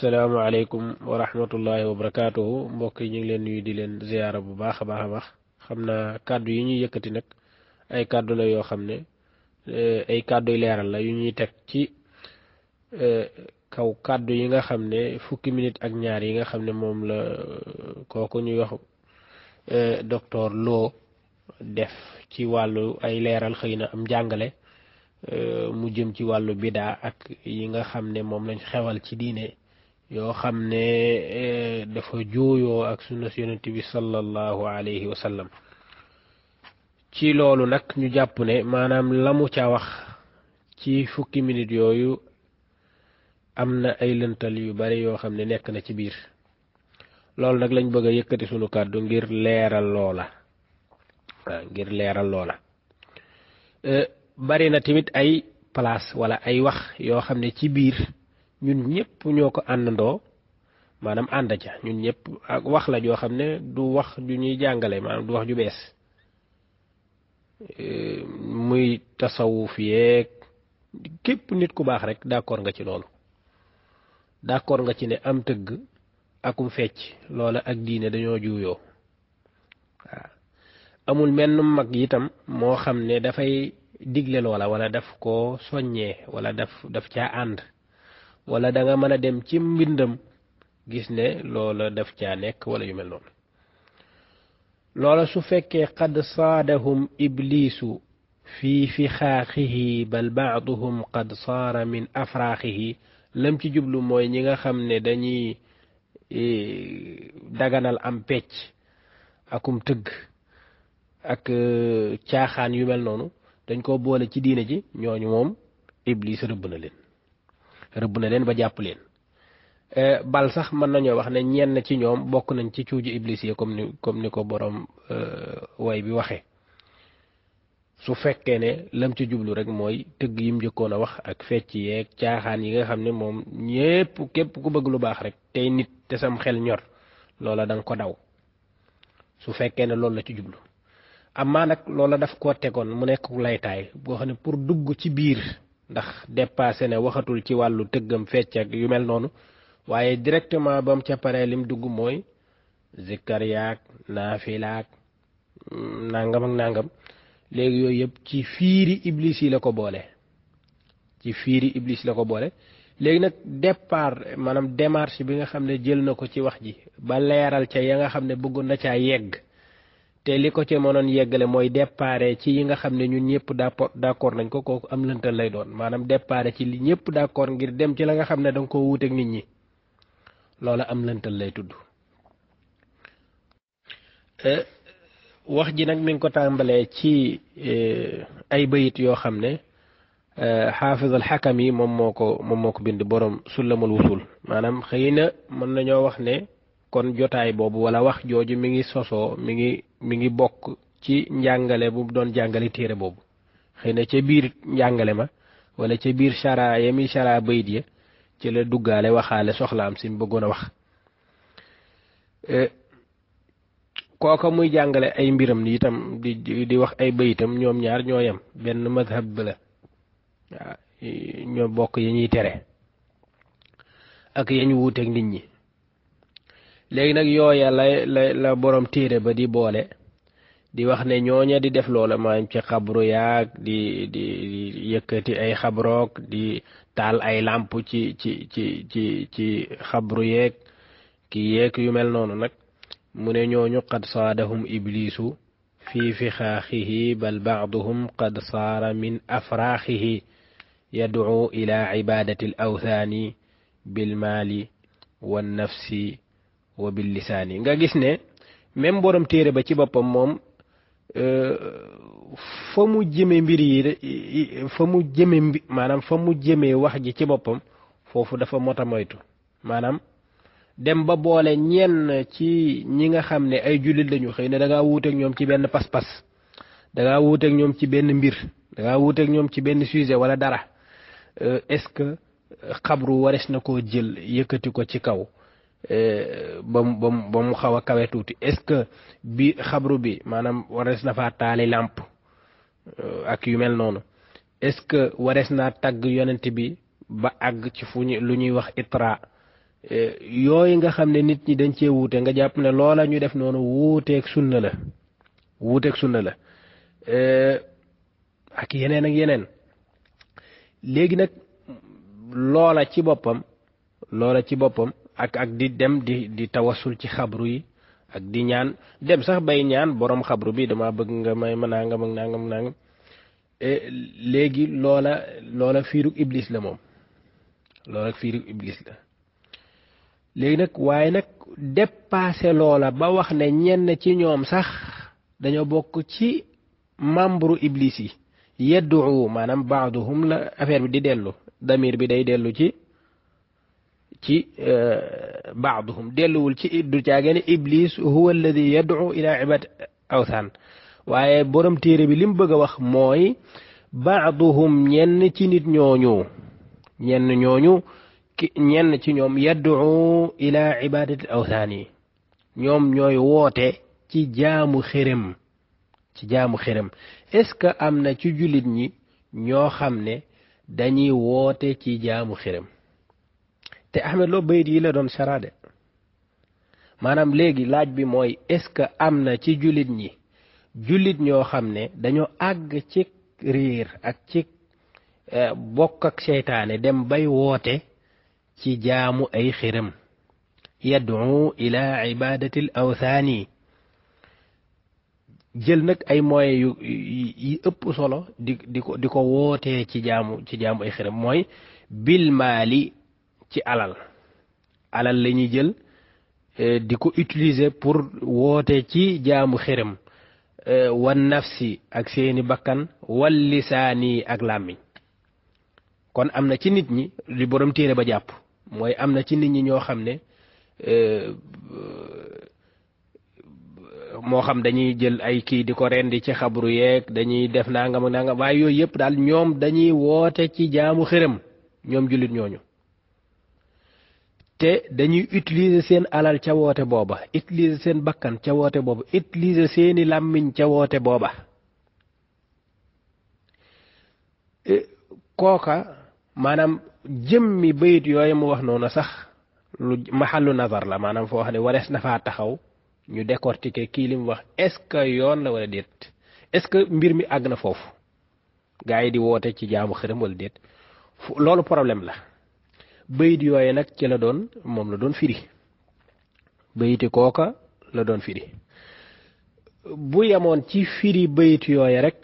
salaamaaleykum wa rahmatullahi wa barakaatuhu mbokk yi ñu ngi leen nuyu di leen ziyaara bu baax a baax a baax xam naa kàddu yi ñuy yëkkati nag ay kàddu la yoo xam ne eh, ay kàddu yu leeral la yu ñuy teg ci eh, kaw kàddu yi nga xam ne fukki minit ak ñaar yi nga xam ne moom la eh, kooku ñuy wax docteur loo def ci wàllu ay leeral xëy na am jàngale. Euh, mu jëm ci wàllu bidaa ak yi nga xam ne moom lañ xewal ci diine yoo xam ne euh, dafa juuyoo ak sunna yonent bi sallallahu alayhi wa ci loolu nag ñu jàpp ne maanaam lamu ca wax ci fukki minute yooyu am na ay lëntal yu bari yoo xam ne nekk na ci biir loolu nag lañ bëgg a yëkkati sunu kàddu ngir leeral loola waaw ngir leeral loola euh, bari na timit ay place wala ay wax yo xamne ne ci bir ñun ñepp ñoko andando manam maanaam ànd ñun ñepp ak wax la jo xamne du wax ju ñuy jàngale manam du wax ju bees muy tasawuf yek kep nit ku bax rek d'accord nga ci loolu d'accord nga ci ne am teug akum fecc loola ak diine dañoo juuyo amul menn mag yitam mo xamne ne fay digle loola wala daf koo soññee wala daf daf caa ànd walla danga nga mën a dem ci mbindam gis ne loola daf caa nekk wala yu mel noonu loola su fekkee qad saadahum iblisu fii fi xaaxihi bal baaduhum qad saara min afraaxihi lam ci jublu mooy ñi nga xam ne dañuy e, daganal am pecc akum tëgg ak e, caaxaan yu mel noonu dañ koo boole ci diine ji ñooñu moom iblis rëbb na leen rëbb na leen ba jàpp leen eh, bal sax mën nañoo wax ne ñenn ci ñoom bokk nañ ci cuuju iblis yi comme ni comme ni ko borom eh, way bi waxee su fekkee ne lam ci jublu rek mooy tëgg yim njëkkoon a wax ak fecc yeeg caaxaan yi nga xam ne moom ñépp képp ku bëgg lu baax rek tey nit te sam xel ñor loola danga ko daw su fekkee ne loolu la ci jublu amaa nag loola daf koo tegoon mu nekk laytaay boo xam ne pour dugg ci biir ndax dépassé ne waxatul ci wàllu tëggam fecc ak yu mel noonu waaye directement ba mu ca paree lim dugg mooy zikkar yaag naafilaak nangam ak nangam léegi yooyu yëpp ci fiiri iblis yi la ko boole ci fiiri iblis la ko boole léegi nag départ maanaam démarche bi nga xam ne jël na ko ci wax ji ba leeral ca ya nga xam ne bëggoon na caa yegg te li ko ci mënoon yeggale mooy dépare ci yi nga xam ne ñun ñëpp d'accord nañ ko kooku am lëntal lay doon maanaam dépare ci li ñëpp d'accord ngir dem ci la nga xam ne da nga koo wuuteeg nit ñi loola am lëntal lay tudd eh, wax ji nag mi ngi ko tàmbalee ci eh, ay bayit yoo xam ne xaafiz eh, al xakam yi moom moo ko moom moo ko bind boroom sullamul wusul maanaam xëy na mën nañoo wax ne kon jotaay boobu wala wax jooju mi ngi sosoo mi ngi mi ngi bokk ci njàngale bu doon jàngale téere boobu xëy na ca biir njàngale ma wala ca biir chara ya mi chara bayit ya ci la duggaale waxaale soxlaam si mu bëggoon a wax e, kooka muy jàngale ay mbiram itam di di wax ay bayitam ñoom ñaar ñoo yem benn madhab la waaw ñoo bokk yi ñuy tere ak yañ wuuteeg nit ñi léegi nag yooya la la la borom téere ba di boole di wax ne ñooña di def loola maanaam ci xabru yaag di di yëkkati ay xabroog di taal ay làmp ci ci ci ci ci xabru yeeg ki yeeg yu mel noonu nag mu ne ñooñu qad saadahum iblisu fi fixaaxihi bal baaduhum qad saara min afraaxihi yadcu ila cibaadati al awthaani bilmaali wannafsi wa bil lisaani nga gis ne même borom téere ba ci boppam moom euh, fa mu jëme mbir yi fa mu jëme mbi maanaam fa mu jëmee wax ji ci boppam foofu dafa mot a moytu maanaam dem ba boole ñenn ci ñi nga xam ne ay jullit lañu xëy na da ngaa ñoom ci benn pas-pas da ngaa wuuteeg ñoom ci benn mbir da ngaa wuuteeg ñoom ci benn sujet wala dara euh, est-ce que xabru wares na ko jël yëkkati ko ci kaw ba mu ba mu ba xaw a kawe tuuti est-ce que bi xabru bi maanaam warees na faa taali làmp euh, ak yu mel noonu est-ce que warees na tagg yonent bi ba àgg ci fu ñu lu ñuy wax itra euh, yooyu nga xam ne nit ñi dañ cee wuute nga jàpp ne loola ñu def noonu wuuteeg sunna la wuuteeg sunna la euh, ak yeneen ak yeneen léegi nag loola ci boppam loola ci boppam ak ak di dem di di tawassul ci xabru yi ak di ñaan dem sax bay ñaan borom xabru bi dama bëgg nga may ma nangam ak nangam nangam e, legi lola lola firuk iblis la mom lola iblis la legi nak waye nak dépasser lola ba wax ne ñenn ci ñom sax dañu bok ci membre iblis yi yeddu maanaam la affaire bi di delu damir bi day delu ci ci eh, baaduhum delluwul ci du caagene iblis huwa alladi yad'u ila ibad awthan waaye borom téere bi li mu bëgg a wax mooy baaduhum ñenn ci nit ñooñu ñenn ñooñu ñenn ci ñoom yaddu ila ibadati awthaan yi ñoom ñooy woote ci jaamu xërëm ci jaamu xërëm est-ce que am na ci jullit ñi ñoo xam ne dañuy woote ci jaamu xërëm te Ahmed Lo bayit yi la doon saraade maanaam léegi laaj bi mooy est-ce que am na ci jullit ñi jullit ñoo xam ne dañoo àgg ci riir ak ci e, bokk ak seytaane dem bay woote ci jaamu ay xiram yad'u ila ibadati l awthaani jël nag ay moyens yu yi ëpp solo di di ko di ko wootee ci jaamu ci jaamu ay xiram mooy bil maali ci alal alal la ñuy jël eh, di ko utiliser pour woote ci jaamu xërëm eh, wan nafsi ak seeni bakkan wal lisaani ak làmmiñ kon am na ci nit ñi li boroom téere ba jàpp mooy am na ci nit ñi ñoo xam ne eh, moo xam dañuy jël ay kii di ko rendi ci xabru yeeg dañuy def nangam ak nangam waaye yooyu yëpp daal ñoom dañuy woote ci jaamu xërëm ñoom jullit ñooñu te dañuy utiliser seen alal ca woote booba utiliser seen bakkan ca woote booba utiliser seeni làmmiñ ca woote booba e, kooka maanaam jëmmi bayit yooyu mu wax noonu sax lu maxallu nazar la maanaam foo wax ne warees na faa taxaw ñu décortiquer kii li mu wax est-ce que yoon la wala déet est-ce que mbir mi àgg na foofu gaa yi di woote ci jaamu xërëm wala déet loolu problème la bayit yooye nag ci la doon moom la doon firi bayiti kooka la doon firi bu yemoon ci firi bayit yooye rek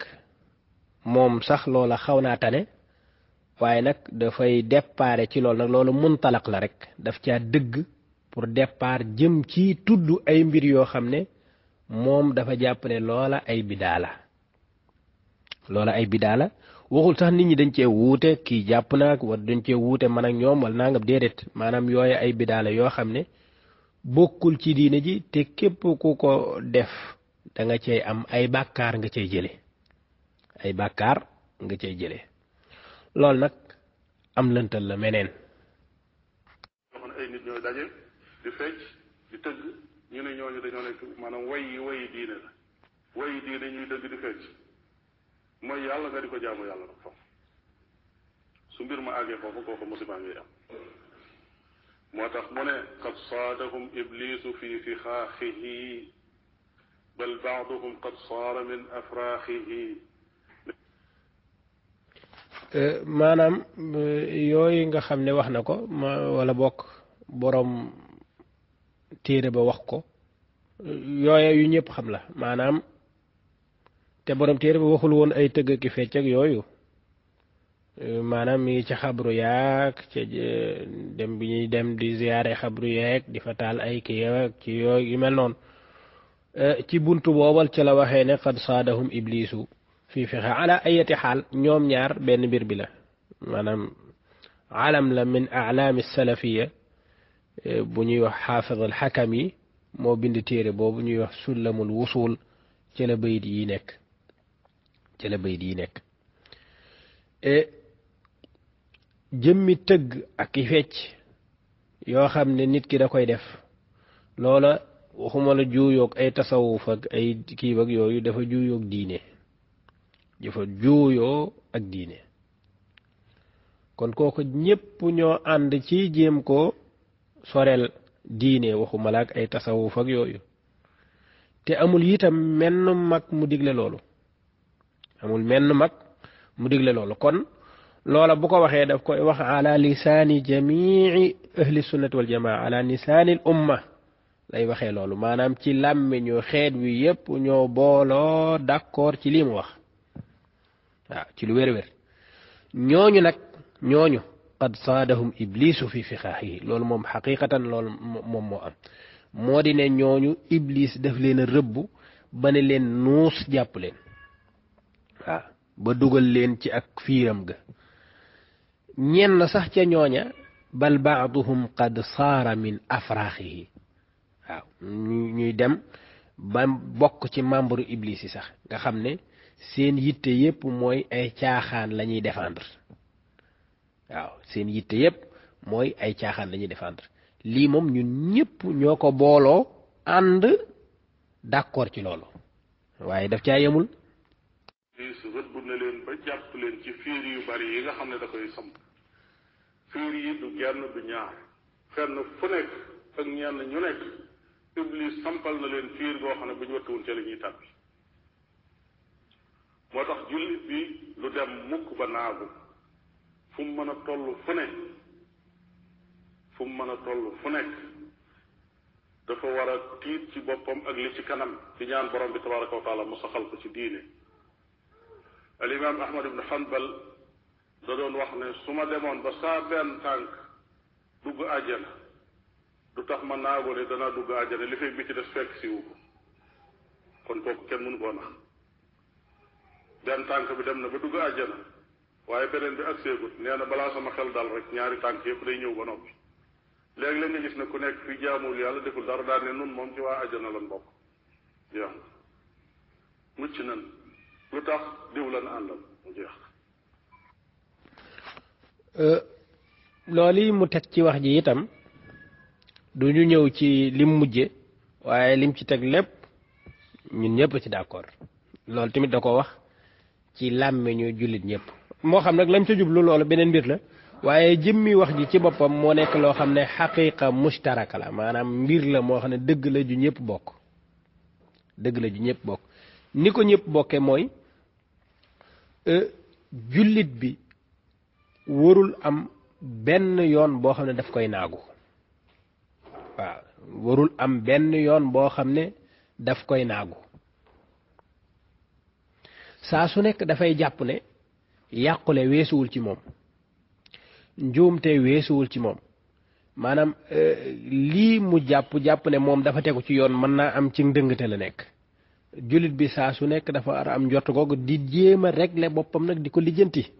moom sax loola xaw naa tane waaye nag dafay départ ci loolu nag loolu muntalaq la rek daf caa dëgg pour départ jëm ci tudd ay mbir yoo xam ne moom dafa jàpp loola ay bidaa la loola ay bidaa la waxul sax nit ñi dañ cee wuute kii jàpp naag wala dañ cee wuute man ak ñoom wala nangam déedéet maanaam yooye ay biddaale yoo xam ne bokkul ci diine ji te képp ku ko def da nga cee am ay bàkkaar nga cee jële ay bàkkaar nga cee jële loolu nag am lëntal la meneen amoon ay nit ñooy daje di fecc di tëgg ñu ne ñooñu dañoo nekk maanaam way yi way yi diine la way yi diine ñuy dëgg di fecc mooy yàlla nga di ko jaamu yàlla nag foofu su mbir ma àggee foofu kooku musiba ngay am moo tax mu ne qad saadahum iblisu fi fixaaxihi bal baaduhum qad saara min afraaxihi maanaam yooyu nga xam ne wax na ko ma wala bokk boroom téere ba wax ko yooye yu ñëpp xam la maanaam te borom téere bi waxul woon ay tëgg ki fecc ak yooyu maanaam mi ngi ci xabru yaag ca dem bi ñuy dem di ziare xabru yeeg di fa taal ay kiyew ak ci yooyu yu mel noonu ci buntu boobal ci la waxee ne qad saadahum iblisu fi fexe ala ayati xaal ñoom ñaar benn mbir bi la maanaam alam la min alaami salafiya bu ñuy wax xaafid al xakam yi moo bind téere boobu ñuy wax sullamul wusul ci la bayit yi nekk ci la bay di nekk e jëmmi tëgg ak i fecc yoo xam ne nit ki da koy def loola waxuma la juuyoog ay tasawuf ak ay kii ak yooyu dafa juuyoog diine dafa juuyoo ak diine kon kooku ñépp ñoo ànd ci jéem ko soreel diine waxuma la ak ay tasawuf ak yooyu te amul itam menn mag mu digle loolu amul menn mag mu digle loolu kon loola bu ko waxee daf koy wax ala lisaani jamii ahli sunnati wal jamaa ala lay waxee loolu maanaam ci làmmiñu xeet wi yépp ñoo booloo d'accord ci lii mu wax waaw ci lu wér-wér ñooñu nag ñooñu qad saadahum iblisu fi fiqaahihi loolu moom xaqiqatan loolu moom moo am moo di ne ñooñu iblis daf leen a rëbb ba ne leen nuus jàpp leen ba dugal leen ci ak fiiram ga ñenn sax ca ñooña bal baaduhum qad saara min afraaxihi waaw ñuy dem ba bokk ci membre iblis yi sax nga xam ne seen yitte yépp mooy ay caaxaan la ñuy défendre waaw seen yitte yépp mooy ay caaxaan la ñuy défendre lii moom ñun ñépp ñoo ko booloo ànd d' accord ci loolu waaye daf caa yemul iblis rëbb na leen ba jàpp leen ci fiir yu bari yi nga xam ne da koy samp fiir yi du genn du ñaar fenn fu nekk ak ñenn ñu nekk iblis sampal na leen fiir boo xam ne bu ñu wattuwul ca la ñuy tàbbi moo tax jullit bi lu dem mukk ba naagu fu mu mën a toll fu ne fu mën a toll fu nekk dafa war a tiit ci boppam ak li ci kanam di ñaan borom bi tabaraka wa taala mu saxal ko ci diine alimaam ahmad ibn hanbal da doon wax ne su ma demoon ba saa benn tànk dugg àjjana du tax ma naago ne danaa dugg àjjana li fekk bi ci des fekk si ko kon kooku kenn mënu koo nax benn tànk bi dem na ba dugg àjjana waaye beneen bi ak seegut nee na balaa sama xel dal rek ñaari tànk yëpp day ñëw ba noppi léegi-léeg nga gis ne ku nekk fi jaamul yàlla deful dara daan ne nun moom ci waa àjjana lan bokk yaa mucc nan lu tax mu jeex euh, teg ci wax ji itam du ñu ñëw ci lim mujje waaye lim ci teg lépp ñun ñëpp ci d'accord loolu tamit da ko wax ci làmmiñu jullit ñëpp moo xam nag lañ ca jublu loolu beneen mbir la waaye jëmmi wax ji ci boppam moo nekk loo xam ne xaqiqa mustaraka la maanaam mbir la moo xam ne dëgg la ju ñëpp bokk dëgg la ju ñëpp bokk ni ko ñëpp bokke mooy Euh, jullit bi warul am benn yoon boo xam ne daf koy naagu waaw warul am benn yoon boo xam ne daf koy naagu saa su nekk dafay jàpp ne yàqule weesuwul ci moom njuumte weesuwul ci moom maanaam euh, lii mu jàpp jàpp ne moom dafa tegu ci yoon mën naa am ci ndëngte la nekk jullit bi saa su nekk dafa war a am njort googu di jéem a la boppam nag di ko lijjanti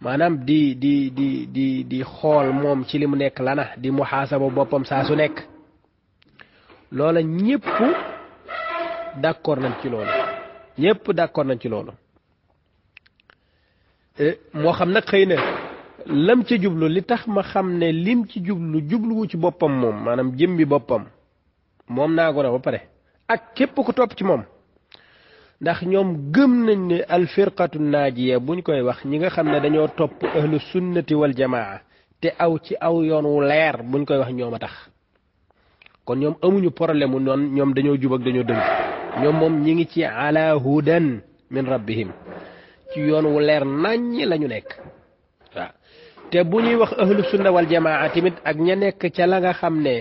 maanaam di di di di di xool moom ci li mu nekk lana di muhaasaba boppam saa su nekk loola ñëpp d'accord nañ ci loolu ñëpp d'accord nañ ci loolu eh, moo xam nag xëy na lam ci jublu li tax ma xam ne lim ci jublu jubluwu ci boppam moom maanaam jëmmi boppam moom naa ko ba pare ak képp ku topp ci moom ndax ñoom gëm nañ ne alfirqatu naajiya buñ koy wax ñi nga xam ne dañoo topp ahlu sunnati wal te aw ci aw yoon wu leer buñ koy wax ñoom a tax kon ñoom amuñu problème mu noonu ñoom dañoo jubak dañoo dëng ñoom moom ñi ngi ci ala hudan min rabbihim ci yoon wu leer naññ la ñu nekk waaw te bu ñuy wax ahlu sunna wal jamaa tamit ak ña nekk ca la nga xam ne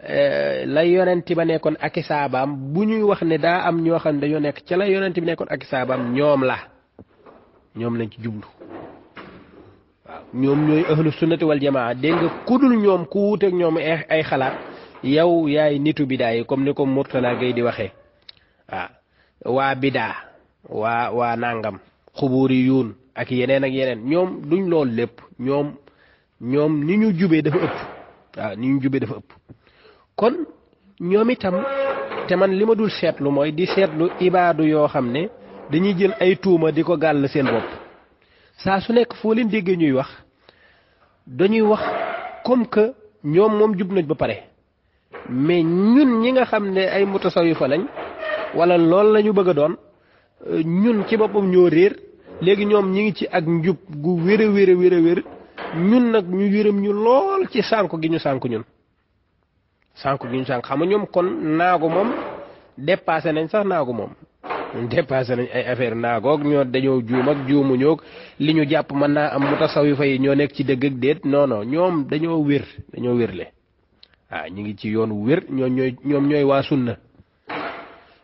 Eh, la yonent ba nekkoon ak i bu ñuy wax ne daa am ñoo xam ne dañoo nekk ca la yonent bi nekkoon ak i ñoom la ñoom lañ ci jublu waaw ñoom ñooy ahlu sunnati wal jamaa dégg nga kudul ñoom ku wuuteeg ñoom ay xalaat yow yaay nitu bidaa yi comme ni ko Mourtala Gueye di waxe waaw waa bidaa waa waa nangam xubuuri yuun ak yeneen ak yeneen ñoom duñ loolu lépp ñoom ñoom ni ñu jubee dafa ëpp waaw ni ñu jubee dafa ëpp kon ñoom itam te man li ma dul seetlu mooy di seetlu ibaadu yoo xam ne dañuy jël ay tuuma di ko gàll seen bopp saa su nekk foo leen déggee ñuy wax dañuy wax comme que ñoom moom jub nañ ba pare mais ñun ñi nga xam ne ay mutasawifa lañ wala loolu la ñu bëgg a doon ñun ci boppam ñoo réer léegi ñoom ñi ngi ci ak njub gu wér a wér a ñun nag ñu yërëm ñu lool ci sànku gi ñu sànku ñun sànq gi ñu sànq xam nga ñoom kon naagu moom dépassé nañ sax naagu moom dépassé nañ ay affaire naagoog ñoo dañoo juum ak juumu ñoog li ñu jàpp mën naa am mu tasawifa fay ñoo nekk ci dëgg ak déet noonoo ñoom dañoo wér dañoo wérle ah ñu ngi ci yoon wér ñoom ñooy ñoom ñooy waa sunna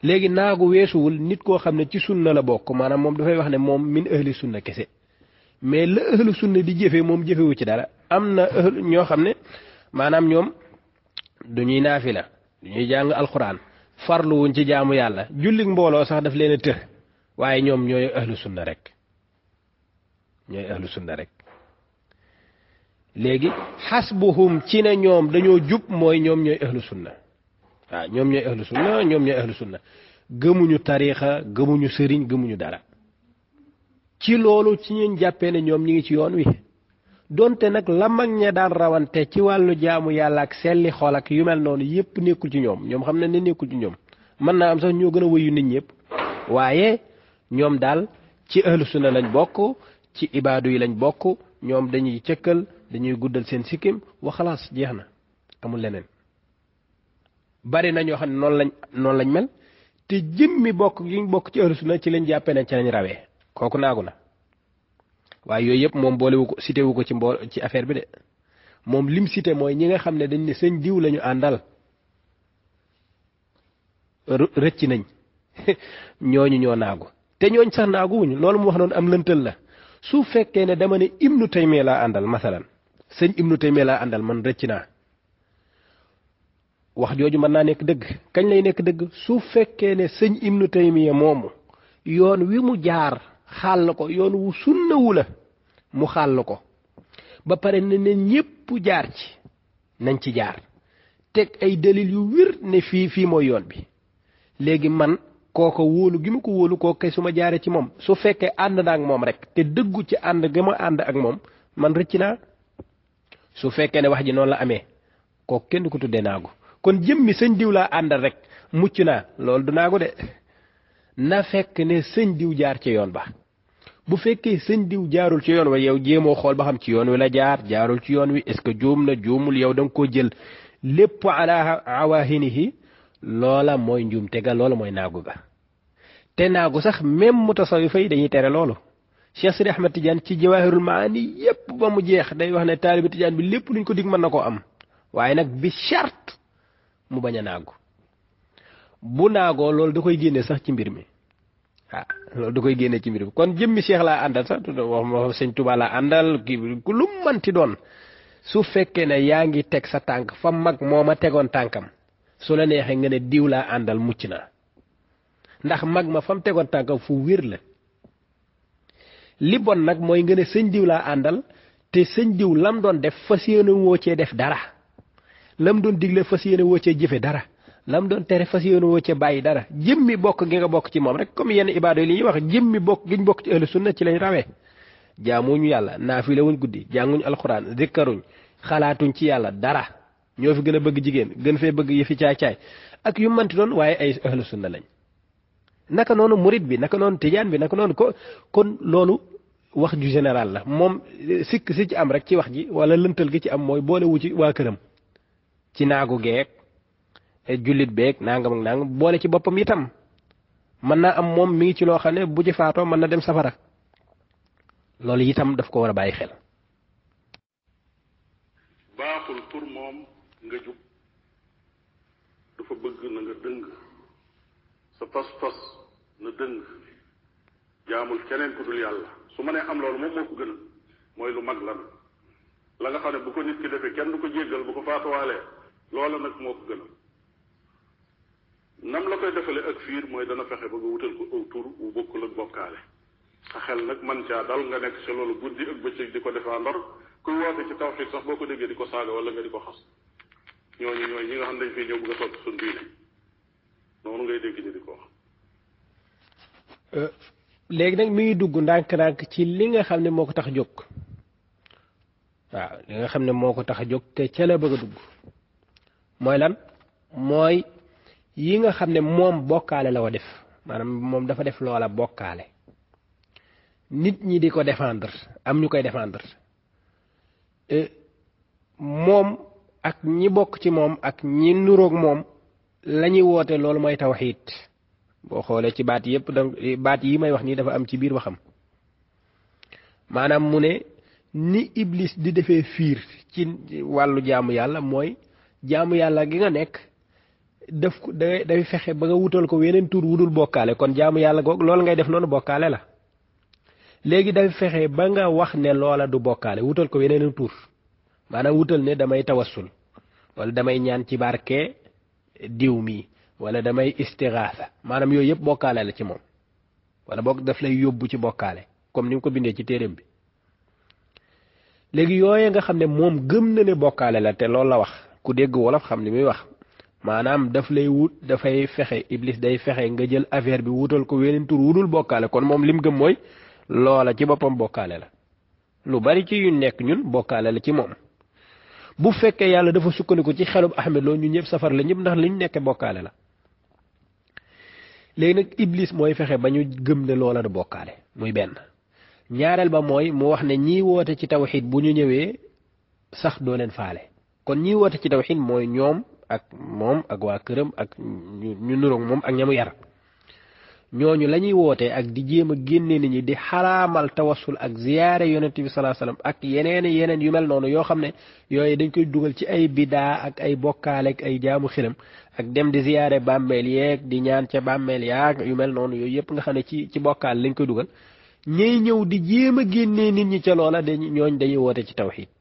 léegi naagu weesuwul nit koo xam ne ci sunna la bokk maanaam moom dafay wax ne moom min ahli na kese mais la ahlu sunna di jëfee moom jëfewu ci dara am na ñoo xam ne maanaam ñoom. du ñuy naafila du ñuy jàng alxuraan farluwuñ ci jaamu yàlla jullik mbooloo sax daf leen a tër waaye ñoom ñooy ahlu sunna rek ñooy ahlu sunna rek léegi xasbuhum ci ne ñoom dañoo jub mooy ñoom ñooy ahlu sunna waaw ñoom ñooy ahlu sunna ñoom ñooy ahlu sunna gëmuñu tariixa gëmuñu sëriñ gëmuñu dara ci loolu ci ñun jàppee ne ñoom ñi ngi ci yoon wi donte nag la mag ña daan rawante ci wàllu jaamu yàlla ak selli xol ak yu mel noonu yëpp nekkul ci ñoom ñoom xam ne ne nekkul ci ñoom mën naa am sax ñoo gën a wayu nit ñëpp waaye ñoom daal ci ahlu sunna lañ bokk ci ibaadu yi lañ bokk ñoom dañuy cëkkal dañuy guddal seen sikkim wa xalaas jeex na amul leneen bari na ñoo xam ne noonu lañ noonu lañ mel te jëmmi bokk gi ñu bokk ci ahlu sunna ci lañ jàppe ne ci lañ rawee kooku naagu na waaye yooyu yëpp moom boolewu ko cité wu ko ci mbool ci affaire bi de moom lim cité mooy ñi nga xam ne dañ ne sëñ diw lañu àndal rëcc nañ ñooñu ñoo naagu te ñooñ sax naaguwuñu loolu mu wax noonu am lëntal la su fekkee ne dama ne ibnu taymiya laa àndal masalan sëñ ibnu taymiya laa àndal man rëcc naa wax jooju mën naa nekk dëgg kañ lay nekk dëgg su fekkee ne sëñ ibnu taymiya moomu yoon wi mu jaar xaal xàll ko yoon wu sunnawu la mu xàll ko ba pare ne ne ñépp jaar ci nañ ci jaar teg ay dalil yu wér ne fii fii mooy yoon bi léegi man kooko wóolu gi ma ko wóolu koo kay su ma jaaree ci moom su fekkee ànd naa ak moom rek te dëggu ci ànd gi ànd ak moom man rëcc naa su fekkee ne wax ji noonu la amee koo kenn ku ko tuddee naagu kon jëmmi sëñ diw laa àndal rek mucc naa loolu du naagu de na fekk ne sëñ diw jaar ci yoon ba bu fekkee sëñ diw jaarul ci yoon wa yow jéemoo xool ba xam ci yoon wi la jaar jaarul ci yoon wi est-ce que juum na jóomul yow danga nga koo jël lépp ala awahinihi loola mooy njuum tega loola mooy naagu ga te naagu sax même mu tasawifa fay dañuy tere loolu Cheikh Sidi Ahmed Tidiane ci jawaahirul maani yépp ba mu jeex day wax ne taalibi Tidiane bi lépp luñ ko dig mën na koo am waaye nag bi charte mu bañ a naagu bu naagoo loolu da koy génne sax ci mbir mi ah, loolu da koy génne ci mbir mi kon jëmmi Cheikh laa àndal sax wax sëñ Tuubaa laa àndal kii lu mu mënti doon su fekkee ne yaa ngi teg sa tànk fa mag moo ma tegoon tànkam su la neexee nga ne diw laa àndal mucc naa ndax mag ma fa mu tegoon tànkam fu wér la li bon nag mooy nga ne sëñ diw laa àndal te sëñ diw lam doon def fas yéene woo cee def dara lam doon digle fas yéene woo cee jëfe dara. lam doon tere fas yéene woo ca bàyyi dara jëmmi bokk gi nga bokk ci moom rek comme yenn ibaado yi li ñuy wax jëmmi bokk gi ñu bokk ci ahlu sunna ci lañ rawee jaamuñu yàlla naafile wuñ guddi jànguñ alxuraan zikkaruñ xalaatuñ ci yàlla dara ñoo fi gën a bëgg jigéen gën fee bëgg yëfi caay-caay ak yu manti doon waaye ay ahlu sunna lañ naka noonu murit bi naka noonu tijaan bi naka noonu ko kon loolu wax ju général la moom sikk si ci am rek ci wax ji wala lëntal gi ci am mooy boole ci waa këram ci naagu geek julit beek nangam ak nangam boole ci boppam itam mën naa am moom mi ngi ci loo xam ne bu ci faatoo mën na dem safara loolu itam daf ko war a bàyyi xel baaxul pour moom nga jub dafa bëgg na nga dëng sa pas-pas na dëng jaamul keneen ku dul yàlla su ma nee am loolu moom moo ko gën mooy lu mag lan la nga xam ne bu ko nit ki defee kenn du ko jéggal bu ko faatuwaalee loola nag moo ko gënal nam la koy defalee ak fiir mooy dana fexe ba nga wutal ko aw tur wu bokkul ak bokkaale sa xel nag man caa dal nga nekk ci loolu guddi ak bëccëg di ko defaa ndor kuy woote ci tawxiid sax boo ko déggee di ko saaga wala nga di ko xas ñooñu ñooy ñi nga xam dañ fay ñëw a soppi suñ diine noonu ngay dégg euh, nag mi ngi dugg ndànk ci li nga xam ne moo ko tax a jóg waaw li nga xam ne moo ko tax a jóg te ca la bëgg a dugg mooy lan mooy. yi nga xam ne moom bokkaale la wa def maanaam moom dafa def loola bokkaale nit ñi di ko défendre am ñu koy défendre e, moom ak ñi bokk ci moom ak ñi nuroog moom la ñuy woote loolu mooy tawxiit boo xoolee ci baat yépp donc baat yi may wax nii dafa am ci biir waxam maanaam mu ne ni iblis di defee fiir ci wàllu jaamu yàlla mooy jaamu yàlla gi nga nekk def ko da day fexe ba nga wutal ko weneen tur dul bokkaale kon jaamu yàlla goog loolu ngay def noonu bokkaale la léegi day fexe ba nga wax ne loola du bokkaale wutal ko weneen tur maanaam wutal ne damay tawassul wala damay ñaan ci barke diw mi wala damay istiraasa maanaam yooyu yëpp bokkaale la ci moom wala boog daf lay yóbbu ci bokkaale comme ni mu ko bindee ci téeréem bi léegi yooye nga xam ne moom gëm na ne bokkaale la te loolu la wax ku dégg wolof xam ni muy wax maanaam daf lay wut dafay fexe iblis day fexe nga jël affaire bi wutal ko weneen tur wudul bokkaale kon moom lim gëm mooy loola ci boppam bokkaale la lu bari ci yu nekk ñun bokkaale la ci moom bu fekkee yàlla dafa sukkandiku ci xelub Ahmed Lo ñu ñëpp safar la ñëpp ndax liñ nekkee bokkaale la léegi nag iblis mooy fexe ba ñu gëm ne loola du bokkaale muy benn ñaareel ba mooy mu wax ne ñii woote ci taw xiit bu ñu ñëwee sax doo leen faale kon ñiy woote ci tawxiid mooy ñoom ak moom ak waa këram ak ñu ñu moom ak ñamu yar ñooñu lañuy woote ak di jéem a génne nit ñi di xaraamal tawassul ak ziyaare yonent bi salaa ak yeneen yeneen yu mel noonu yoo xam ne yooyu dañ koy dugal ci ay bidaa ak ay bokkaale ak ay jaamu xiram ak dem di ziyaare bàmmeel yeeg di ñaan ca bàmmeel yaag yu mel noonu yooyu yëpp nga xam ne ci ci bokkaale lañ koy dugal ñay ñëw di jéem a génnee nit ñi ca loola dañuy ñooñ dañuy woote ci tawxiid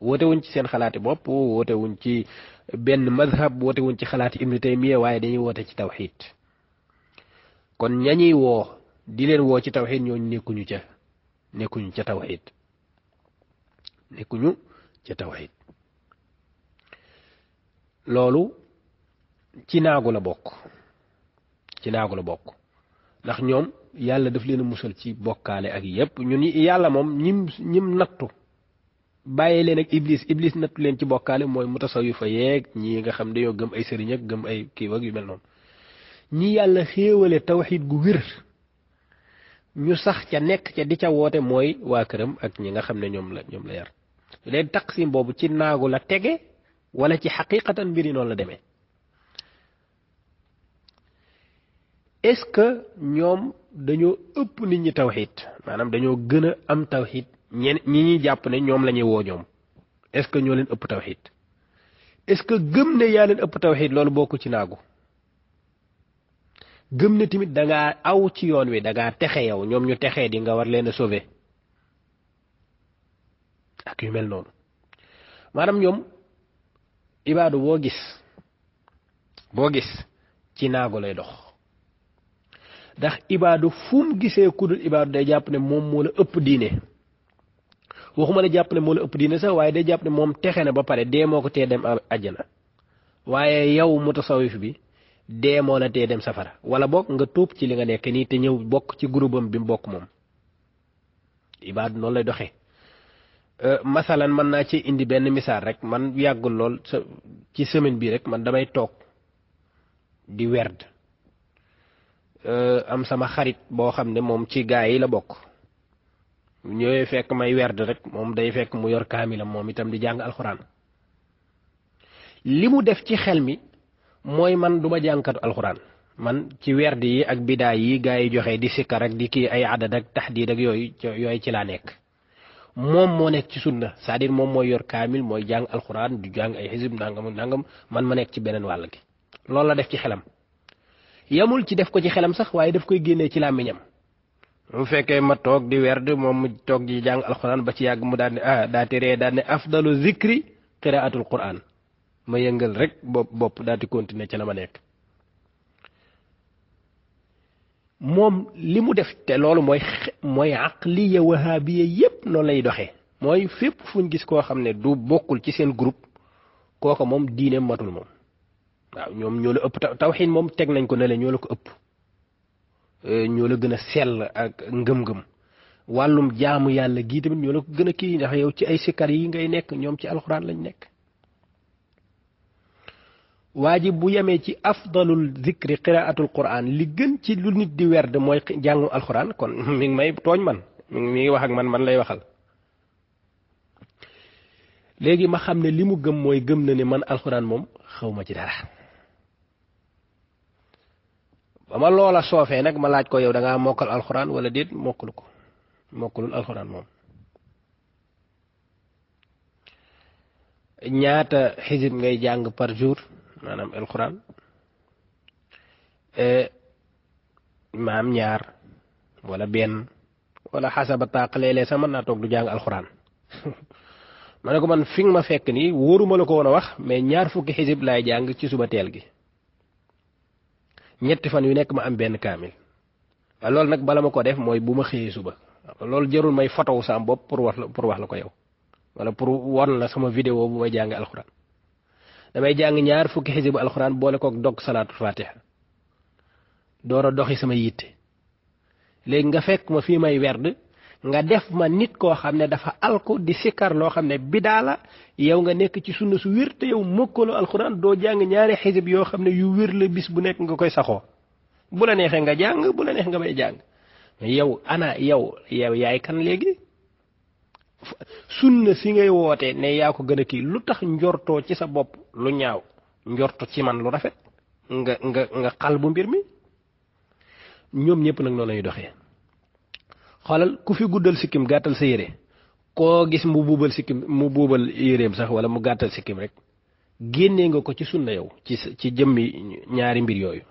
woote wuñ ci seen xalaati bopp woote ci benn madhab woote wuñ ci xalaati ibnu taymiya waaye dañuy woote ci tawxiid kon ñañuy woo di leen woo ci tawxiid ñooñu nekkuñu ca nekkuñu ca tawxiid nekkuñu ca tawxiid loolu ci naagu la bokk ci naagu la bokk ndax ñoom yàlla daf leen a musal ci bokkaale ak yépp ñun yàlla moom ñim ñim nattu bàyyi leen ak iblis iblis nattu leen ci bokkaale mooy mu tasaw yu fa yeeg ñii nga xam dañoo gëm ay sëriñ ak gëm ay kii ak yu mel noonu ñi yàlla xéewale tawxiit gu wér ñu sax ca nekk ca di ca woote mooy waa këram ak ñi nga xam ne ñoom la ñoom la yar leen taqsim mboobu ci naagu la tege wala ci xaqiqatan mbir yi noonu la demee est-ce que ñoom dañoo ëpp nit ñi tawxiid maanaam dañoo gën a am tawxiid ñen ñi ñuy jàpp ne ñoom la ñuy woo ñoom est-ce que ñoo leen ëpp tawxiid est-ce que gëm ne yaa leen ëpp tawaxit loolu bokku ci naagu gëm ne tamit dangaa aw ci yoon wi dangaa texe yow ñoom ñu texee di nga war leen a sauver ak yu mel noonu maanaam ñoom ibaadu boo gis boo gis ci naagu lay dox ndax ibaadu fu gisee ku dul ibaadu day jàpp ne moom moo la ëpp diine waxuma la jàpp ne moo la ëpp diine sax waaye day jàpp ne moom texe na ba pare dee moo ko tee dem àjjana waaye yow mutasawif bi dee moo la tee dem safara wala bokk nga tuub ci li nga nekk nii te ñëw bokk ci groupam bi mu bokk moom ibaad noonu lay doxee euh, masalan mën naa ci indi benn misaal rek man yàggul lool ci semaine bii rek man damay toog di werd euh, am sama xarit boo xam ne moom ci gaa yi la bokk ñëwee fekk may werd rek moom day fekk mu yor kaamilam moom itam di jàng alxuraan li mu def ci xel mi mooy man duma jànkatu alxuraan man ci werd yi ak bidaa yi gaa yi joxe di sikkar ak di kii ay adad ak taxdiid ak yooyu yooyu ci laa nekk moom moo nekk ci sunna c'est-à-dire moom yor kaamil mooy jàng alxuraan du jàng ay xisib nangam nangam man ma nekk ci beneen wàll gi loolu la def ci xelam yamul ci def ko ci xelam sax waaye daf koy génnee ci làmmiñam mu fekkee ma toog di werd moom mu toog di jàng alxuraan ba ci yàgg mu daal ne ah daa ti ree daal ne afdalu zikri qiraatul quraan ma yëngal rek bopp bopp daal di continuer la ma nekk moom li mu def te loolu mooy mooy aqliya wahaabiya yépp noonu lay doxee mooy fépp fuñ gis koo xam ne du bokkul ci seen groupe kooka moom diine matul moom waaw ñoom ñoo la ëpp tawxiin moom teg nañ ko ne la ñoo la ko ëpp Euh, ñoo la gën a sell ak ngëm-ngëm wàllum jaamu yàlla gii tamit ñoo la ko gën a kii ndax yow ci ay sikkar yi ngay nekk ñoom ci alxuraan lañ nekk waa ji bu yemee ci afdalul zikri qiraatul quraan li gën ci lu nit di werd mooy jàngu alxuraan kon mi ngi may tooñ man mi ngi wax ak man man lay waxal léegi ma xam ne li mu gëm mooy gëm na ne man alxuraan moom ma ci dara ba ma loola soofee nag ma laaj ko yow da ngaa mokkal alxuraan wala déet mokkalu ko mokkalul alxuraan moom ñaata xisib ngay jàng par maanaam alxuraan eh, maam ñaar walla benn wala xasaba taq léeg-léeg sax mën naa toog du jàng alxuraan ma ne ko man fi nga ma fekk nii wóoruma la ko woon a wax mais ñaar fukki xisib laay jàng ci suba teel gi ñetti fan yu nekk ma am benn kaamil waaw loolu nag bala ma ko def mooy bu ma xëyee suba loolu jarul may fotow saam bopp pour wax la pour wax la ko yow wala pour won la sama vidéo bu may jàng alxuraan damay jàng ñaar fukki xisibu alxuraan boole kook dog salaatul fatiha door a doxi sama yitte léegi nga fekk ma fi may werd nga def ma nit ko xamne dafa alko di sikar lo xamne bidala yow nga nek ci sunna su wir te yow mokolo alquran do jang ñaari xisib yo xamne yu wir le bis bu nek nga koy saxo bu la nexe nga jang bu la nexe nga bay jang yow ana yow yow yaay kan legi sunna si ngay wote ne ya ko gëna ki lutax njorto ci sa bop lu ñaaw njorto ci man lu rafet nga nga nga xal bu mbir mi ñom ñëpp nak no lay doxé xoolal ku fi guddal sikkim gàttal sa yére koo gis mu buubal sikkim mu buubal yéreem sax wala mu gàttal sikkim rek génnee nga ko ci sunna yow ci ci jëmmi ñaari mbir yooyu